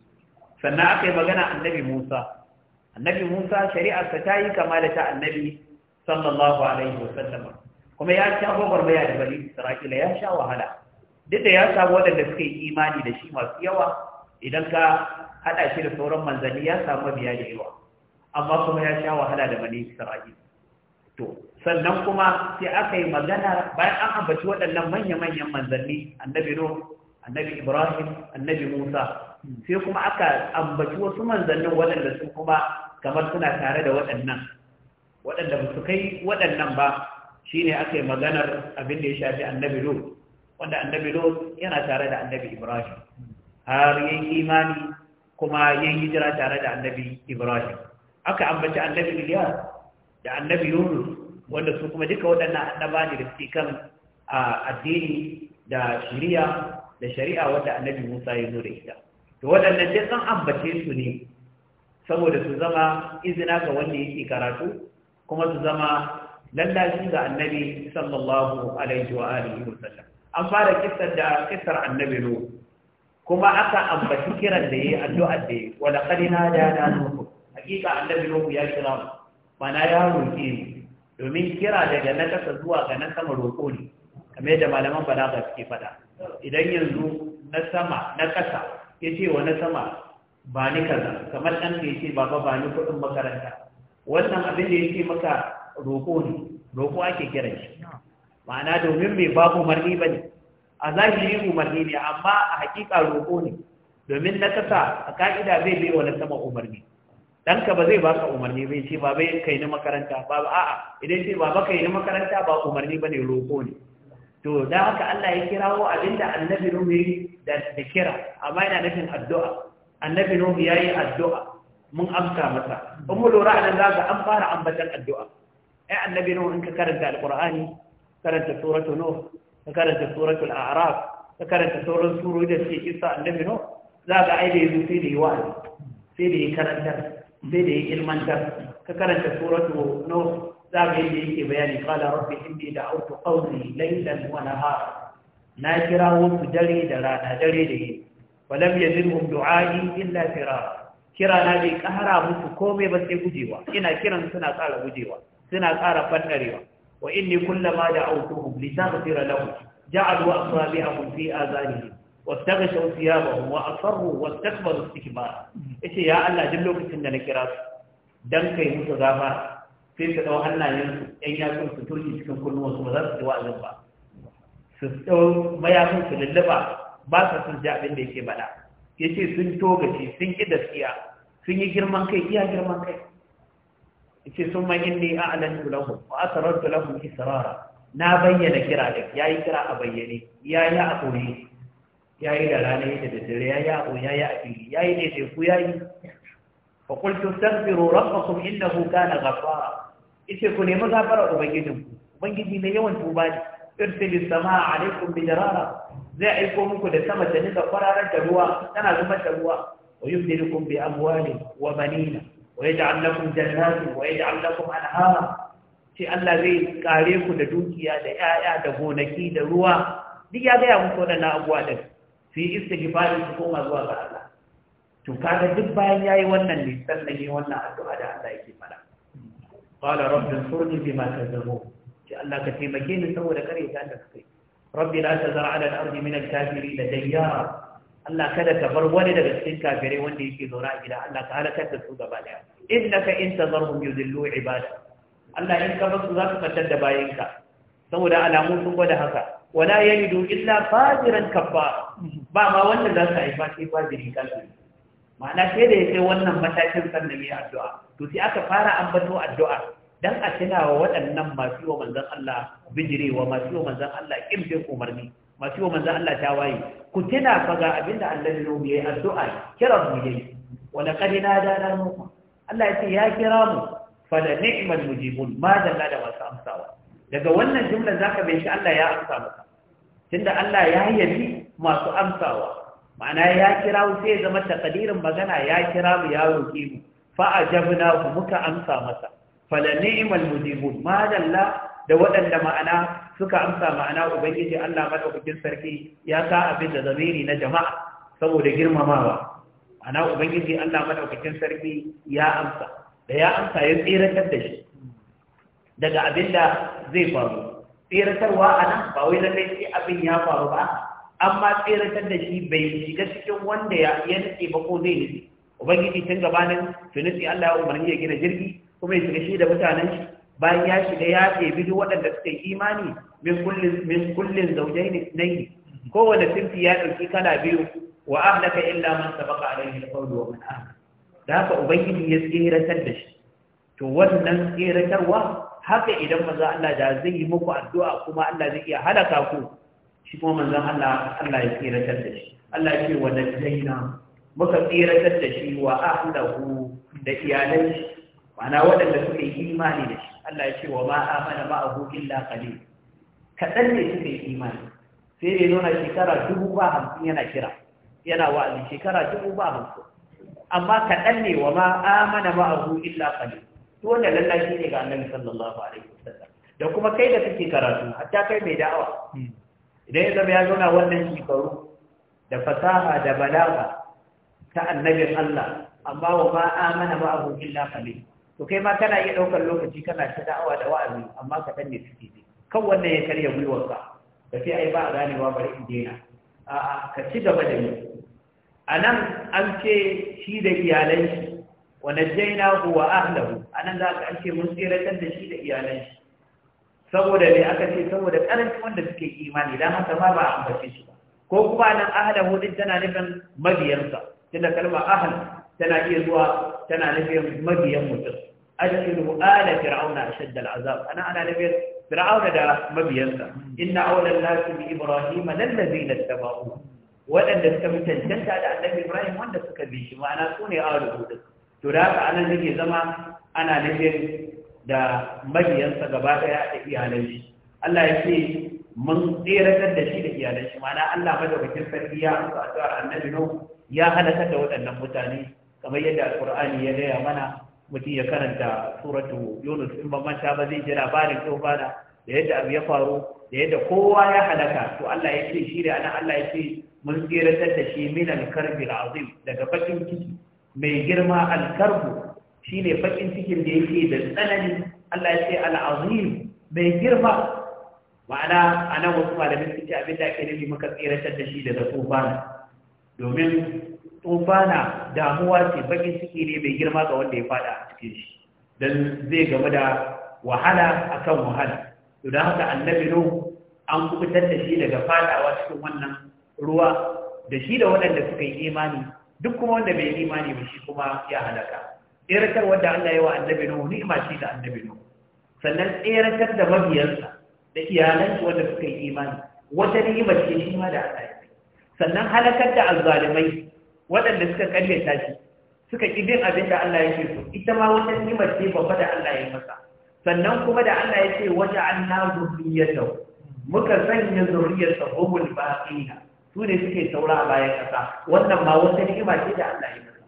sannan aka yi magana annabi musa annabi musa shari'arsa ta yi kama da ta annabi sallallahu alaihi wasallam kuma ya sha gwagwarmaya da bani isra'ila ya sha wahala duk da ya samu waɗanda suka yi imani da shi masu yawa idan ka haɗa shi da sauran manzanni ya samu biya da yawa amma kuma ya sha wahala da bani isra'ila to sannan kuma sai aka yi magana bayan an ambaci waɗannan manya-manyan manzanni annabi nuh annabi ibrahim annabi musa sai kuma aka ambaci wasu manzannin waɗanda su kuma kamar suna tare da waɗannan waɗanda ba su kai waɗannan ba Shi ne ake maganar abin da ya shafi annabi lo. wanda annabi lo yana tare da annabi ibrahim har yayin imani kuma yayin hijira tare da annabi ibrahim aka ambaci annabi iliyas da annabi yunus wanda su kuma duka waɗannan annaba ne da suke kan addini da shari'a da shari'a wanda annabi musa ya zo da ita to waɗannan duk an ambace su ne saboda su zama izina ga wanda yake karatu kuma su zama lallashi ga annabi sallallahu alaihi wa alihi wa sallam an fara kisar da kisar annabi nuhu kuma aka ambaci kiran da yayi addu'a da yayi wa laqad nadana nuhu hakika annabi nuhu ya kira mana ya roƙe ni domin kira daga na kasa zuwa ga na sama roƙo ne kamar yadda malaman balaga suke faɗa idan yanzu na sama na kasa yace wa na sama ba ni kaza kamar ɗan da ce baba ba ni kuɗin makaranta wannan abin da ya ce maka roƙo ne roƙo ake kiran shi ma'ana domin mai ba umarni ba ne a zahiri umarni ne amma a hakika roƙo ne domin na kasa a ka'ida zai bai wani sama umarni ɗanka ba zai baka umarni bai ce ba bai kai na makaranta ba a'a idan ce ba baka yi na makaranta ba umarni ba ne roƙo ne to da haka Allah ya kirawo abinda annabi Nuhu yi da kira amma yana nufin addu'a annabi Nuhu yayi addu'a mun amsa masa in lura anan za ga an fara ambatan addu'a ai annabi nuhu in ka karanta alqur'ani karanta suratu nuh ka karanta suratul a'raf ka karanta sauran surori da suke kisa annabi nuh za ga ai da yazo sai da yi wa'azi sai da yi karantar sai da yi ilmantar ka karanta suratu nuh za ga yadda yake bayani qala rabbi da da'awtu qawmi laylan wa nahara na kira wasu dare da rana dare da yi walam yazilhum du'ai illa firara kira na bai kahara musu komai ba sai gujewa ina kiran suna tsara gujewa suna ƙara fannarewa wa inni kullama da autuhum litaghfira lahum ja'alu asabi'ahum fi azanihim wastaghshaw thiyabahum wa asarru wastakbaru istikbar yace ya Allah duk lokacin da na kira su dan kai musu zafa sai su dau hannayen su ɗan yatsun su turki cikin kunnuwan su ba za su ji wa'azin ba su dau mayafin su lullaba ba su sun ji abin da yake bada yace sun togaci sun ki gaskiya sun yi girman kai iya girman kai yace summa inni a'lantu lahum wa asrartu lahum israra na bayyana kira da yayi kira a bayyane yayi a koyi yayi da rana yayi da dare yayi a koyi yayi a fili yayi ne sai ku yayi fa qultu astaghfiru rabbakum innahu kana ghaffara yace ku nemi gafara ubangijinku ubangiji ne yawan tuba ne irsilis samaa alaikum bijarara zai aiko muku da sama ta nika kwararar da ruwa tana zubar da ruwa wa yubdilukum bi amwalin wa banina ويجعل لكم جنات ويجعل لكم أنهارا sai Allah zai kare ku da dukiya da yaya da gonaki da ruwa duk ya gaya muku waɗannan abubuwa da su yi istighfari su koma zuwa ga Allah to kaga duk bayan yayi wannan ne sannan yi wannan addu'a da Allah yake fara qala rabbi furni bima kazzabu ce Allah ka taimake ni saboda kare ta da kai rabbi la tazar ala al-ardi min al-kafirin dayyara Allah kada ka bar wani daga cikin kafirai wanda yake zaura a gida Allah ka halakar da su gaba daya innaka in tazarhum yudillu ibada Allah in ka basu za su fatar da bayinka saboda alamu sun gwada haka wala yajidu illa fajiran kabba ba ma wanda za ka haifa sai fajiri kafiri ma'ana sai da ya kai wannan matakin sannan yi addu'a to sai aka fara ambato addu'a dan a tuna wa waɗannan masu yi wa manzon Allah bijirewa masu yi wa manzon Allah kimfin umarni masu yi manzan Allah ta waye ku tuna fa ga abin da Allah ya yi addu'a kiran mu yayi wa laqad nadana nuhu Allah ya ce ya kira mu fa da ni'mal mujibun ma dalla da wasu amsawa daga wannan jumla zaka bai shi Allah ya amsa maka tunda Allah ya yabi masu amsawa ma'ana ya kira mu sai zama takadirin magana ya kira mu ya roke mu fa ajabna muka amsa masa fa la ni'mal mujibun ma dalla da waɗanda ma'ana suka amsa ma'ana ubangiji Allah madaukakin sarki ya sa abin da zamiri na jama'a saboda girmamawa ana ubangiji Allah madaukakin sarki ya amsa da ya amsa ya tsiratar da shi daga abin da zai faru tsiratarwa a nan ba wai lallai sai abin ya faru ba amma tsiratar da shi bai shiga cikin wanda ya nutse ba ko zai nutse ubangiji tun gabanin Tunisi Allah ya umarni ya gina jirgi kuma ya shiga shi da mutanen shi bayan ya shiga ya ɗebi duk waɗanda suka yi imani min kullin zaujai ne nai kowane sinfi ya ɗauki kala biyu wa ahlaka illa man sabaqa alaihi alqawlu wa man amana da haka ubangiji ya tseratar da shi to wannan tarwa, haka idan manzo Allah da zai yi muku addu'a kuma Allah zai iya halaka ku shi kuma manzo Allah Allah ya tseratar da shi Allah ya ce wa najaina muka tseratar da shi wa ahlahu da iyalan shi ma'ana waɗanda suka yi imani da shi Allah ya ce wa ma amana abu illa qalil kaɗan ne suka yi imani sai ya zauna shekara dubu ba hamsin yana kira yana wa'azi shekara dubu ba hamsin amma kaɗan ne wa ma amana abu illa qalil to wanda lallashi ne ga annabi sallallahu alaihi wasallam da kuma kai da kake karatu hatta kai mai da'awa hmm. idan ya zama ya zauna wannan shekaru da fasaha da balaga ta annabin Allah amma wa ma amana abu illa qalil to kai ma kana iya ɗaukar lokaci kana ta da'awa da wa'azi amma ka ne suke ne kan wannan ya karya gwiwarka ka sai ai ba a ganewa bari in daina a'a ka ci gaba da ni a an ce shi da iyalan shi wa najjayna hu wa ahlahu anan za ka an ce mun tsiratar da shi da iyalan shi saboda ne aka ce saboda karanci wanda suke imani idan haka ma ba a ambace shi ba ko kuma nan ahlahu din tana nufin mabiyansa tunda kalmar ahl tana iya zuwa tana nufin mabiyan mutum ashiru ala fir'auna ashadda azab. ana ana nufin fir'auna da mabiyansa inna awla an-nasi Ibrahim ibrahima lallazina ittaba'u waɗanda suka bi cancanta da annabi ibrahim wanda suka bi shi ma'ana su ne awla hudud to da haka anan nake zama ana nufin da mabiyansa gaba daya da iyalan shi Allah ya ce mun tseratar da shi da iyalan shi ma'ana Allah madaukakin sarki ya amsa addu'ar annabi no ya halaka da waɗannan mutane kamar yadda alqur'ani ya gaya mana mutum ya karanta suratu yunus in ban manta ba zai ji labarin tsofa da yadda abu ya faru da yadda kowa ya halaka to Allah ya ce shi da ana Allah ya ce mun tseratar da shi min alkarbi azim daga bakin ciki mai girma alkarbu shine bakin cikin da yake da tsanani Allah ya ce al'azim mai girma ma'ana anan wasu malamin suke abin da ake nufi muka tseratar da shi daga tsofa domin tsofana damuwa ce bakin ciki ne mai girma ga wanda ya fada a cikin shi dan zai game da wahala akan wahala to dan haka annabi no an kubutar da shi daga fadawa cikin wannan ruwa da shi da waɗanda suka yi imani duk kuma wanda bai yi imani ba shi kuma ya halaka tseratar wanda Allah ya wa annabi no ni'ima shi da annabi no sannan tseratar da mabiyansa da iyalansa wanda suka yi imani wata ni'ima ce shi ma da Allah ya sannan halakar da azzalimai waɗanda suka karyata shi suka ƙi bin abin da Allah yake so ita ma wata ni'imar ce babba da Allah ya masa sannan kuma da Allah ya ce wata anna zurriyatahu muka sanya zurriyatahu humul baqina su ne suke saura a bayan ƙasa wannan ma wata ni'ima ce da Allah ya masa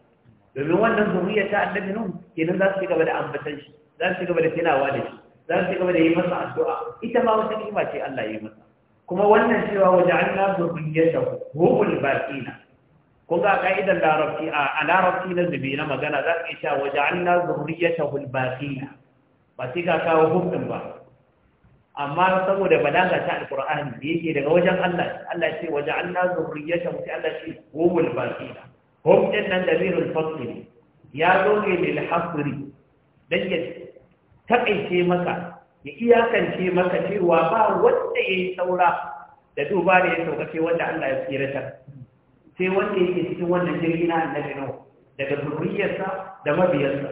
domin wannan zuriya ta annabi nuhu kenan za su ci gaba da ambatan shi za su ci gaba da tilawa da shi za su ci gaba da yi masa addu'a ita ma wata ni'ima ce Allah ya masa kuma wannan cewa wata an na zuriyata humul baqina kun ga ka'idar larabci a larabci na zubi na magana za ka sha waje an na zurriyata hulbaƙiya ba sai ka kawo hukumin ba amma saboda balaga ta alƙur'ani da yake daga wajen Allah Allah ce waje an na ta mutu Allah ce humul baƙiya hum ɗin nan da zirin fasiri ya zo ne lil hasri dan ya taƙaice maka ya iyakance maka cewa ba wanda ya yi saura da duba da ya saukace wanda Allah ya ta. sai wanda yake cikin wannan jirgi na annabi nuhu daga zuriyarsa da mabiyarsa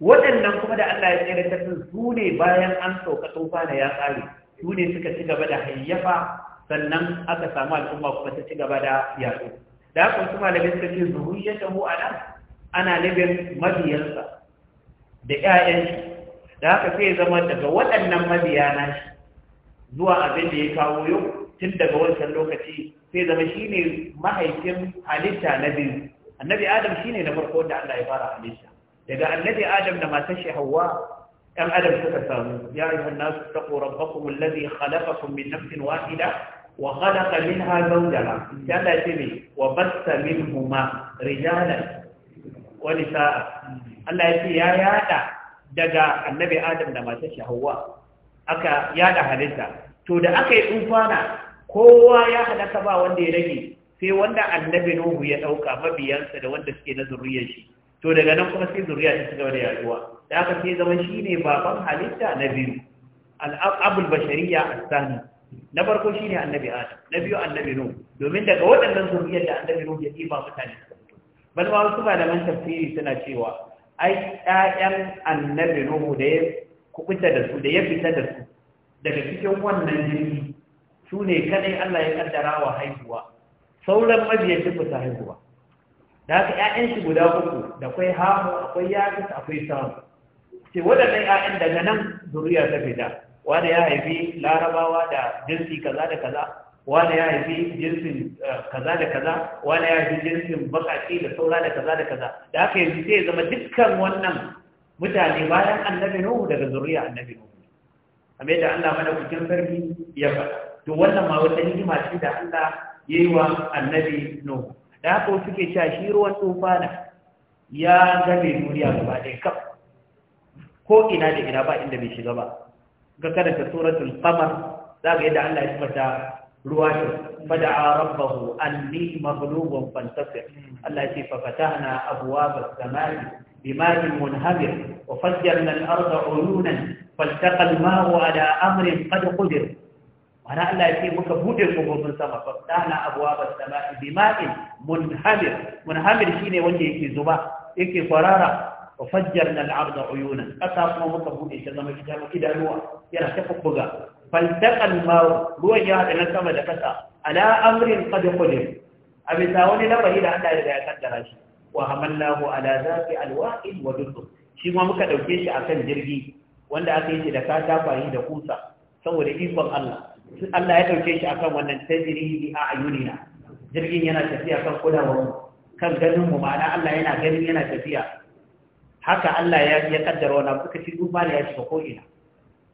waɗannan kuma da Allah ya tsere ta su ne bayan an sauka tsofa da ya tsare su ne suka ci gaba da hayyafa sannan aka samu al'umma kuma ta ci gaba da yaro. da haka wasu malamai suka ce zuriyatahu ana nufin mabiyarsa da ƴaƴan shi da haka sai zama daga waɗannan mabiya na shi zuwa abin da ya kawo yau tun daga wancan lokaci sai zama shi ne mahaifin halitta na biyu annabi adam shi ne na farko da Allah ya fara halitta daga annabi adam da matar shi hawa ɗan adam suka samu ya yi hannu su taƙo rabbakum allazi khalaqakum min nafsin wahida wa khalaqa minha zawjaha ya Allah ce ne wa basta huma rijalan wa nisaa Allah ya ce ya yada daga annabi adam da matar shi hawa aka yada halitta to da aka yi tsufana kowa ya halaka ba wanda ya rage sai wanda annabi Nuhu ya dauka mabiyansa da wanda suke na zuriyar shi to daga nan kuma sai zuriya ta cigaba da yaduwa da aka sai zama shine baban halitta na biyu al-abul bashariya as-sani na farko shine annabi Adam na biyu annabi Nuhu domin daga waɗannan zuriyar da annabi Nuhu ya diba mutane bal ma wasu malaman tafsiri suna cewa ai ƴaƴan annabi Nuhu da ya kubuta da su da ya fita da su daga cikin wannan jirgi su ne kadai Allah ya kaddara wa haihuwa sauran mabiyancin ba su haihuwa da haka ‘ya’yan shi guda uku da akwai hamu akwai yaki akwai samu ce waɗannan ƴaƴan daga nan zuriya ta fita wanda ya haifi larabawa da jinsi kaza da kaza wanda ya haifi jinsin eh, kaza da kaza wanda ya haifi jinsin bakaki da saura da kaza da kaza da haka yanzu sai ya zama dukkan wannan mutane bayan annabi nuhu daga zuriya annabi nuhu kamar yadda Allah mana kukin sarki ya faɗa to wannan ma wata ni'ima ce da Allah ya yi wa annabi no da haka wasu ke cewa shi ruwan tufana ya game duniya gaba ɗaya kaf ko ina da ina ba inda bai shiga ba ga karanta suratul qamar za ga yadda Allah ya tabbata ruwa ce fada'a rabbahu anni maghlubun fantasir Allah ya ce fa fatahna abwaba as-samai bima'in munhamir wa fajjarna al-arda uyunan faltaqa al-ma'u ala amrin qad qadir mana Allah ya ce muka bude kofofin sama fa dana abwaba sama'i bima'in munhamir munhamir shine wanda yake zuba yake kwarara wa fajjarna al-arda uyunan kasa kuma muka buɗe ta zama gida maki da ruwa yana ta bubbuga faltaqal ma'u ruwan ya hada na sama da kasa ala amrin qad qadir abisa wani labari da Allah ya kaddara shi wa hamallahu ala zati alwaqin wa dukkan shi ma muka ɗauke shi akan jirgi wanda aka yi shi da katakwaye da kusa saboda ikon Allah Allah ya ɗauke shi akan wannan tajiri bi a ayunina jirgin yana tafiya kan kulawar kan ganin mu ma'ana Allah yana ganin yana tafiya haka Allah ya ya kaddara wannan suka ci duba ne ya shiga ko ina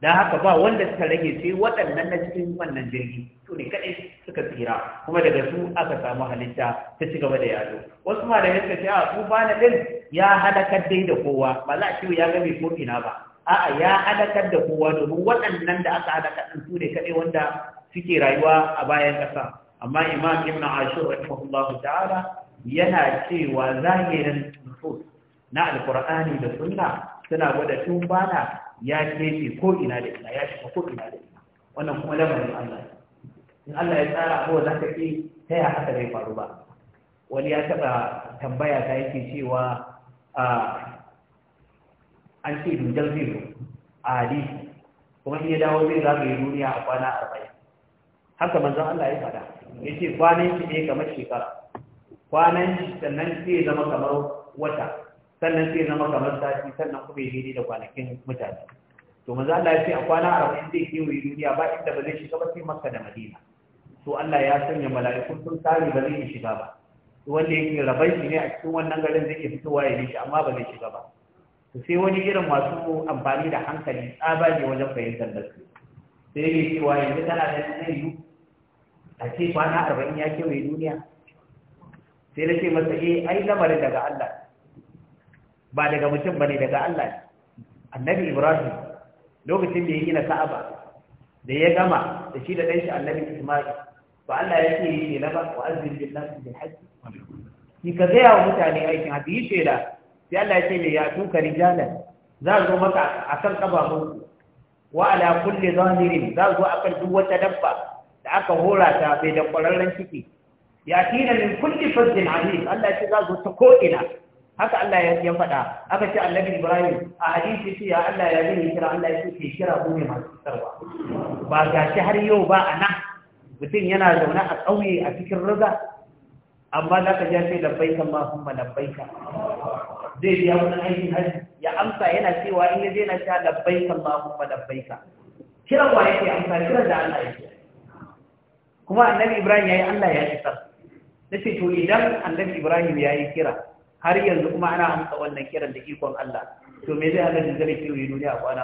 dan haka ba wanda suka rage sai waɗannan na cikin wannan jirgi to ne kadai suka tsira kuma daga su aka samu halitta ta ci gaba da yado wasu ma da suka ce a duba na din ya halakar dai da kowa ba za a ciwo ya ga mai ko ina ba a'a ya halakar da kowa domin waɗannan da aka halaka ɗin su ne kaɗai wanda suke rayuwa a bayan ƙasa amma imam ibn ashur rahimahullah ta'ala yana cewa zahirin nusus na alqur'ani da sunna suna gwada tun bana ya kefe ko ina da ina ya shiga ko ina da ina wannan kuma lamarin Allah in Allah ya tsara abuwa za ka ce ta ya haka bai faru ba wani ya taɓa tambaya ta yake cewa ah, an ce dujal zai zo a hadisi kuma in ya dawo zai zagaye duniya a kwana arba'in haka manzan Allah ya faɗa ya ce kwanan shi ne kamar shekara kwanan shi sannan sai zama kamar wata sannan sai zama kamar sati sannan kuma ya da kwanakin mutane to maza Allah ya ce a kwana arba'in zai kewaye duniya ba inda ba zai shiga ba sai Makka da Madina to Allah ya sanya mala'ikun sun kare ba zai shiga ba wanda yake rabai shi ne a cikin wannan garin zai fitowa ya yi shi amma ba zai shiga ba to sai wani irin masu amfani da hankali ne wajen fahimtar da su sai ne cewa yanzu tana da zai yu? a ce kwana arba'in ya kewaye duniya sai na ce masa eh ai lamarin daga Allah ba daga mutum ba ne daga Allah annabi Ibrahim lokacin da ya gina Ka'aba da ya gama da shi da ɗanshi annabi Ismail ba Allah ya ce yi na ba wa azbin bin nasu bil hajji ki ka gaya wa mutane aikin hajji yi shaida sai Allah ya ce mai ya tuka rijalan za zo maka kan kababun wa ala kulli zahirin za zo a kan duk wata dabba da aka hora ta bai da kwararren ciki ya tina min kulli fazzin azim Allah ya ce za zo ta ko ina haka Allah ya faɗa aka ce annabi Ibrahim a hadisi shi ya Allah ya yi kira Allah ya ce kira mu ne masu tsarwa ba shi har yau ba a nan mutum yana zaune a ƙauye a cikin riga amma za ka ja sai labbaika kuma labbaika zai biya wani aikin hajji ya amsa yana cewa in yaje na sha ma dabbai ka. kiran wa yake amsa kiran da Allah yake kuma annabi Ibrahim yayi Allah ya isa nace to idan annabi Ibrahim yayi kira har yanzu kuma ana amsa wannan kiran da ikon Allah to me zai halatta zai kiwo duniya a kwana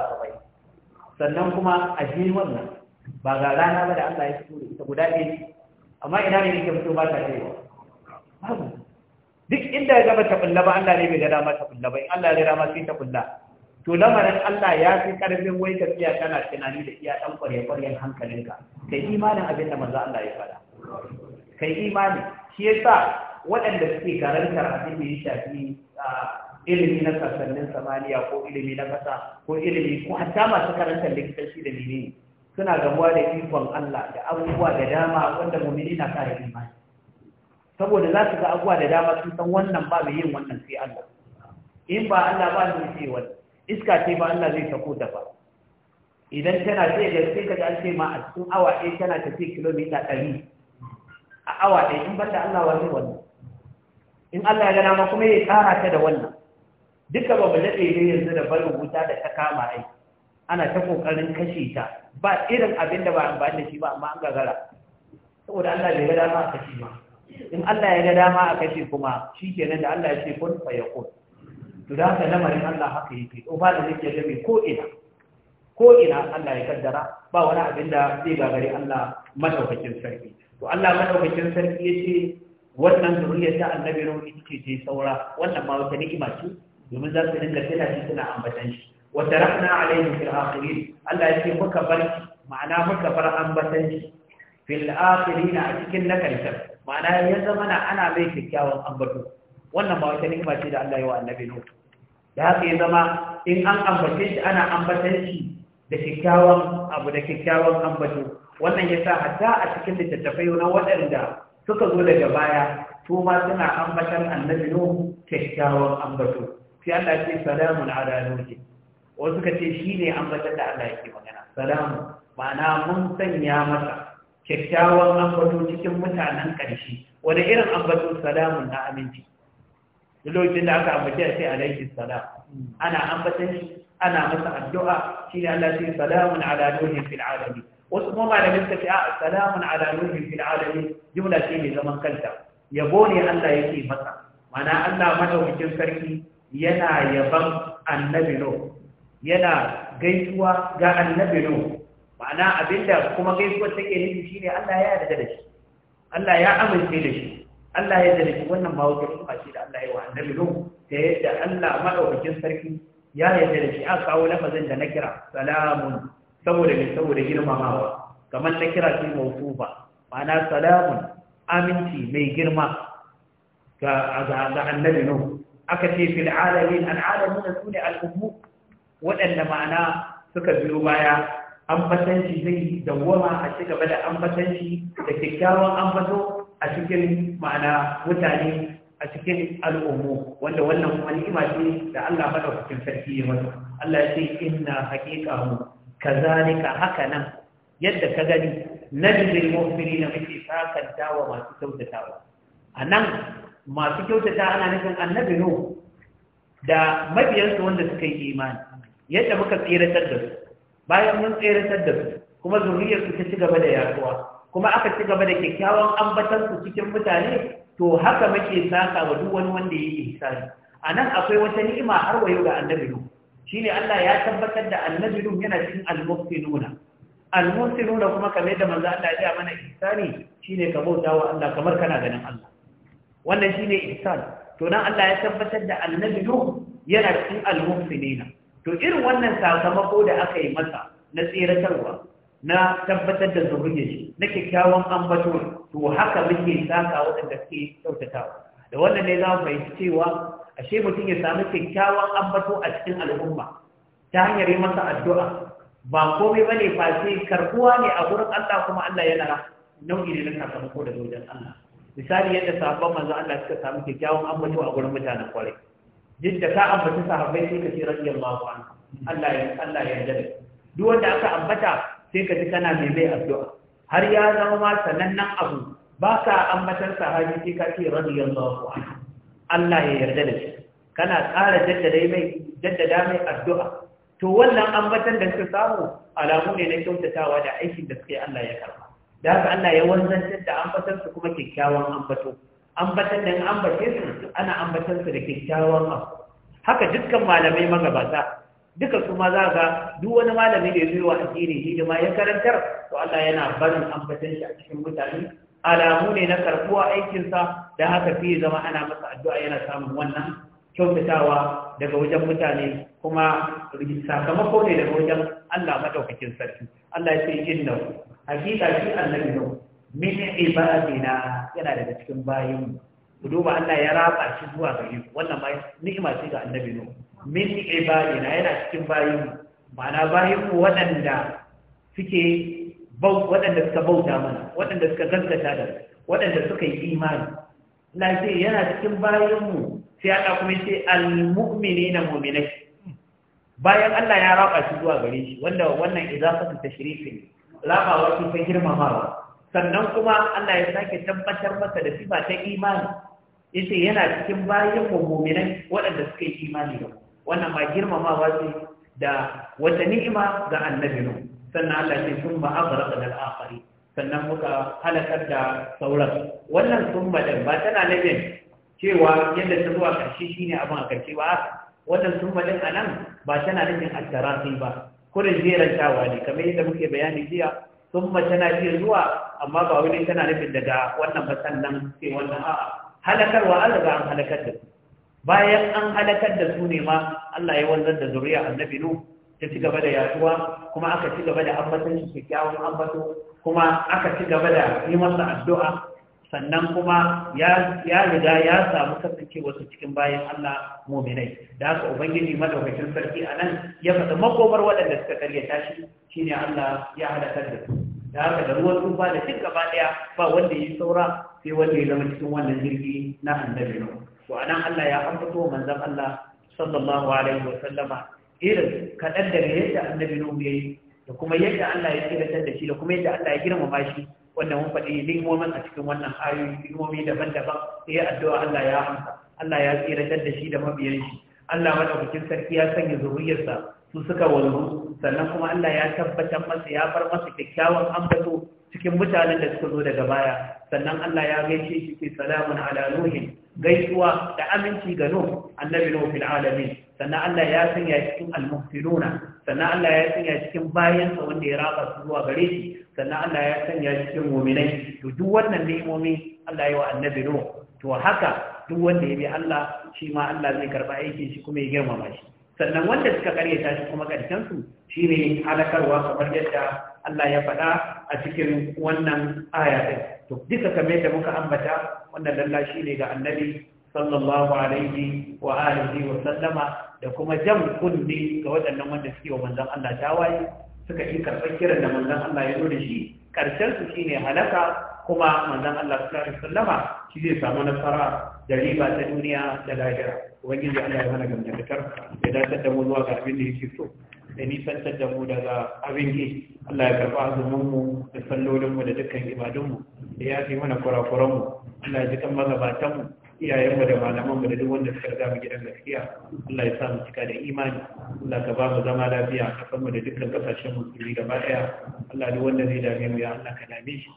40 sannan kuma a ji wannan ba ga rana ba da Allah ya fito ita guda ɗaya amma ina ne yake mutum ba ta kaiwa babu duk inda ya zama taɓulla ba Allah ne bai da dama taɓulla ba in Allah ya dama sai taɓulla to lamarin Allah ya fi karfin wai ka tsaya kana tunani da iya ɗan kware ƙwaryen hankalinka kai imanin abin da manzo Allah ya faɗa kai imani shi yasa waɗanda suke karantar abin da ya shafi ilimi na sassanin samaniya ko ilimi na ƙasa ko ilimi ko hatta masu karantar likitanci da menene suna gamuwa da ikon Allah da abubuwa da dama wanda mumini na kare imani saboda za su ga abuwa da dama sun san wannan ba mai yin wannan sai Allah in ba Allah ba mai ce wani iska ce ba Allah zai sako ta ba idan tana sai da sai ka an ce ma a cikin awa ɗaya tana tafi kilomita ɗari a awa ɗaya in banda Allah wani zai wannan in Allah ya gana ma kuma ya ƙara ta da wannan duka ba daɗe ne yanzu da barin wuta da ta kama ai ana ta ƙoƙarin kashe ta ba irin abin da ba amfani da shi ba amma an gagara saboda Allah bai ga dama a kashe ba in Allah ya ga dama a kashe kuma shi kenan da Allah ya ce kun faya yakun to da haka lamarin Allah haka yake to ba da yake da mai ko ina ko ina Allah ya kaddara ba wani abin da zai gagare Allah madaukakin sarki to Allah madaukakin sarki yace wannan zuriya ta annabi ruhu ita ce ce saura wannan ma wata ni'ima ce domin za su dinga tana shi suna ambatan shi wa tarakna alaihi fil akhirin Allah ce muka bar ma'ana muka bar ambatan shi fil akhirin a cikin nakarta ma'ana ya zama na ana mai kyakkyawan ambato wannan ba wata nikma ce da Allah ya wa annabi da haka ya zama in an ambace shi ana ambatan shi da kyakkyawan abu da kyakkyawan ambato wannan ya sa hatta a cikin littattafai na waɗanda suka zo daga baya su ma suna ambatan annabi no kyakkyawan ambato sai Allah ce salamu ala nuhi wasu suka ce shine ambatan da Allah yake magana salamu ma'ana mun sanya masa kyakkyawan ambato cikin mutanen ƙarshe wani irin ambato salamun na aminci duk lokacin da aka ambace a ce alaiki salam ana ambatan shi ana masa addu'a shi ne Allah sai salamun ala nuhin fil alamin wasu kuma malamin ta ce a salamun ala nuhin fil alamin jumla ce mai zaman kanta yabo ne Allah yake masa mana Allah madaukakin sarki yana yaban annabi no yana gaisuwa ga annabi no ma'ana abinda kuma gaisuwar take nufi shine Allah ya yarda da shi Allah ya amince da shi Allah ya yarda da shi wannan ba wata kuma ce da Allah ya wa annabi no ta yadda Allah madaukakin sarki ya yarda da shi a kawo lafazin da na kira salamun saboda me saboda girmamawa kamar na kira shi mawsufa ma'ana salamun aminci mai girma ga ga annabi no aka ce fil alamin al alamin sune al ummu waɗanda ma'ana suka biyo baya ambatanci zai dawwama a ci gaba da ambatanci da kyakkyawan ambato a cikin ma'ana mutane a cikin al'ummu wanda wannan kuma ce da Allah cikin sarki ya mata Allah ya ce inna haqiqa mu kazalika haka nan yadda ka gani nabiyul mu'minina muke sakan dawa masu kyautatawa anan masu kyautata ana nufin annabi no da mabiyansu wanda suka yi imani yadda muka tsiratar da su bayan mun tseratar da su kuma zuriyar su ta ci gaba da yaduwa kuma aka ci gaba da kyakkyawan ambatan su cikin mutane to haka muke saka wa duk wani wanda yake ihsani anan akwai wata ni'ima har wa yau ga annabi nu shine Allah ya tabbatar da annabi nu yana cikin al-muqtinuna al-muqtinuna kuma kamar da manzo Allah ya mana ihsani shine ka bauta wa Allah kamar kana ganin Allah wannan shine ihsan to nan Allah ya tabbatar da annabi nu yana cikin al-muqtinina to irin wannan sakamako da aka yi masa na tseratarwa na tabbatar da zuriyar shi na kyakkyawan ambato to haka muke saka waɗanda suke kyautatawa da wannan ne za mu fahimci cewa ashe mutum ya samu kyakkyawan ambato a cikin al'umma ta hanyar yi masa addu'a ba komai bane face karbuwa ne a gurin Allah kuma Allah yana nau'i ne na sakamako da wajen Allah misali yadda sahabban manzo Allah suka samu kyakkyawan ambato a gurin mutanen kwarai duk da ka ambata sahabbai sai ka ce radiyallahu anhu Allah ya Allah ya yarda duk wanda aka ambata sai ka ji kana mai mai addu'a har ya zama ma sanannen abu ba ka ambatar sahabi sai ka ce radiyallahu anhu Allah ya yarda da shi kana ƙara jaddada mai jaddada mai addu'a to wannan ambatan da suka samu alamu ne na kyautatawa da aikin da suke Allah ya karba da haka Allah ya wanzantar da ambatar su kuma kyakkyawan ambato ambatan dan ambace su ana ambatan su da kikkiawan abu haka dukkan malamai magabata duka su ma za ga duk wani malami da ya zuwa addini ma ya karantar to Allah yana barin ambatan shi a cikin mutane alamu ne na karbuwa sa da haka fiye zama ana masa addu'a yana samun wannan kyautatawa daga wajen mutane kuma sakamako ne daga wajen Allah madaukakin sarki Allah ya ce inna hakika shi annabi ne min ibadina yana daga cikin bayin ku duba Allah ya raba shi zuwa gare ku wannan ma ni'ima ce ga annabi no min ibadina yana cikin bayin ma'ana bayin ku waɗanda suke wadanda suka bauta mana waɗanda suka gaskata da waɗanda suka yi imani Allah sai yana cikin bayin mu sai aka kuma ce almu'minina muminina mu'minai bayan Allah ya raba shi zuwa gare shi wanda wannan idafatu tashrifin rabawar ta girmamawa sannan kuma Allah ya sake tabbatar masa da sifa ta imani yace yana cikin bayan mu'minai waɗanda suka yi imani da wannan ma girmamawa ce da wata ni'ima ga annabi nu sannan Allah ya sun ba abara da al'akari sannan muka halakar da sauran wannan sun ba ba tana nabin cewa yadda ta zuwa ƙarshe shine abin a ƙarshe ba wannan sun ba da ba tana nabin al tarafi ba kurin jerantawa tawali kamar yadda muke bayani jiya sun mace na iya zuwa amma ba wani tana nufin daga wannan nan sai wannan a'a halakarwa an daga an halakar da su bayan an halakar da su ne ma Allah ya wanzar da zuriya annabi nu ta ci gaba da yaduwa kuma aka ci gaba da ambatan shi kyakkyawan ambato kuma aka ci gaba da yi masa addu'a sannan kuma ya riga ya samu kasance wasu cikin bayan Allah muminai da haka ubangiji madaukakin sarki a nan ya fasa makomar waɗanda suka karyata shi shine Allah ya halakar da su da haka da ruwan tufa da duk gaba ɗaya ba wanda ya saura sai wanda ya zama cikin wannan jirgi na annabi no to anan Allah ya ambato manzon Allah sallallahu alaihi wa sallama irin kaɗan daga yadda annabi ya yayi da kuma yadda Allah ya tsiratar da shi da kuma yadda Allah ya girmama shi wanda mun faɗi limomin a cikin wannan ayoyi limomi daban-daban sai ya addu'a Allah ya amsa Allah ya tsiratar da shi da mabiyan shi Allah madaukakin sarki ya sanya zuriyarsa su suka walwu sannan kuma Allah ya tabbatar masa ya far masa kyakkyawan ambato cikin mutanen da suka zo daga baya sannan Allah ya gaishe shi ke salamun ala nuhin gaisuwa da aminci ga nuh annabi nuh fil alamin sannan Allah ya sanya cikin al sannan Allah ya sanya cikin bayansa wanda ya raba su zuwa gare shi sannan Allah ya sanya shi cikin mu'minai to duk wannan ni'imomi Allah ya yi wa annabi ruwa to haka duk wanda ya bi Allah shi ma Allah zai karba aikin shi kuma ya girmama shi sannan wanda suka karyata shi kuma karshen su shine halakarwa kamar yadda Allah ya faɗa a cikin wannan aya ɗin to duka kamar yadda muka ambata wannan lalla ne ga annabi sallallahu alaihi wa alihi wa sallama da kuma jam kunni ga waɗannan wanda suke wa manzon Allah tawaye suka yi karɓar kiran da manzan Allah ya zo shi karshen su shine halaka kuma manzan Allah sallallahu alaihi wasallama shi zai samu nasara da riba ta duniya da lahira ubangiji Allah ya mana gamdakatar ya dakatar da mu zuwa ga abin da yake so da nisantar da mu daga abin ki Allah ya karɓa mu da sallolin mu da dukkan mu da ya fi mana mu Allah ya ji kan mu. iyayenmu da malamanmu da duk wanda suka riga mu gidan gaskiya Allah ya samu cika da imani Allah ka ba mu zama lafiya a kasan mu da dukkan kasashen musulmi gaba daya Allah duk wanda zai dame mu ya Allah ka dame shi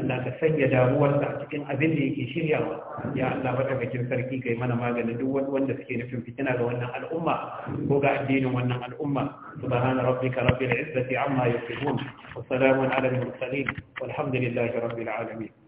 Allah ka sanya damuwarsa a cikin abin da yake shiryawa ya Allah madaukakin sarki kai mana maganin duk wanda suke nufin fitina ga wannan al'umma ko ga addinin wannan al'umma subhana rabbika rabbil izzati amma yasifun wa salamun ala al mursalin walhamdulillahi rabbil alamin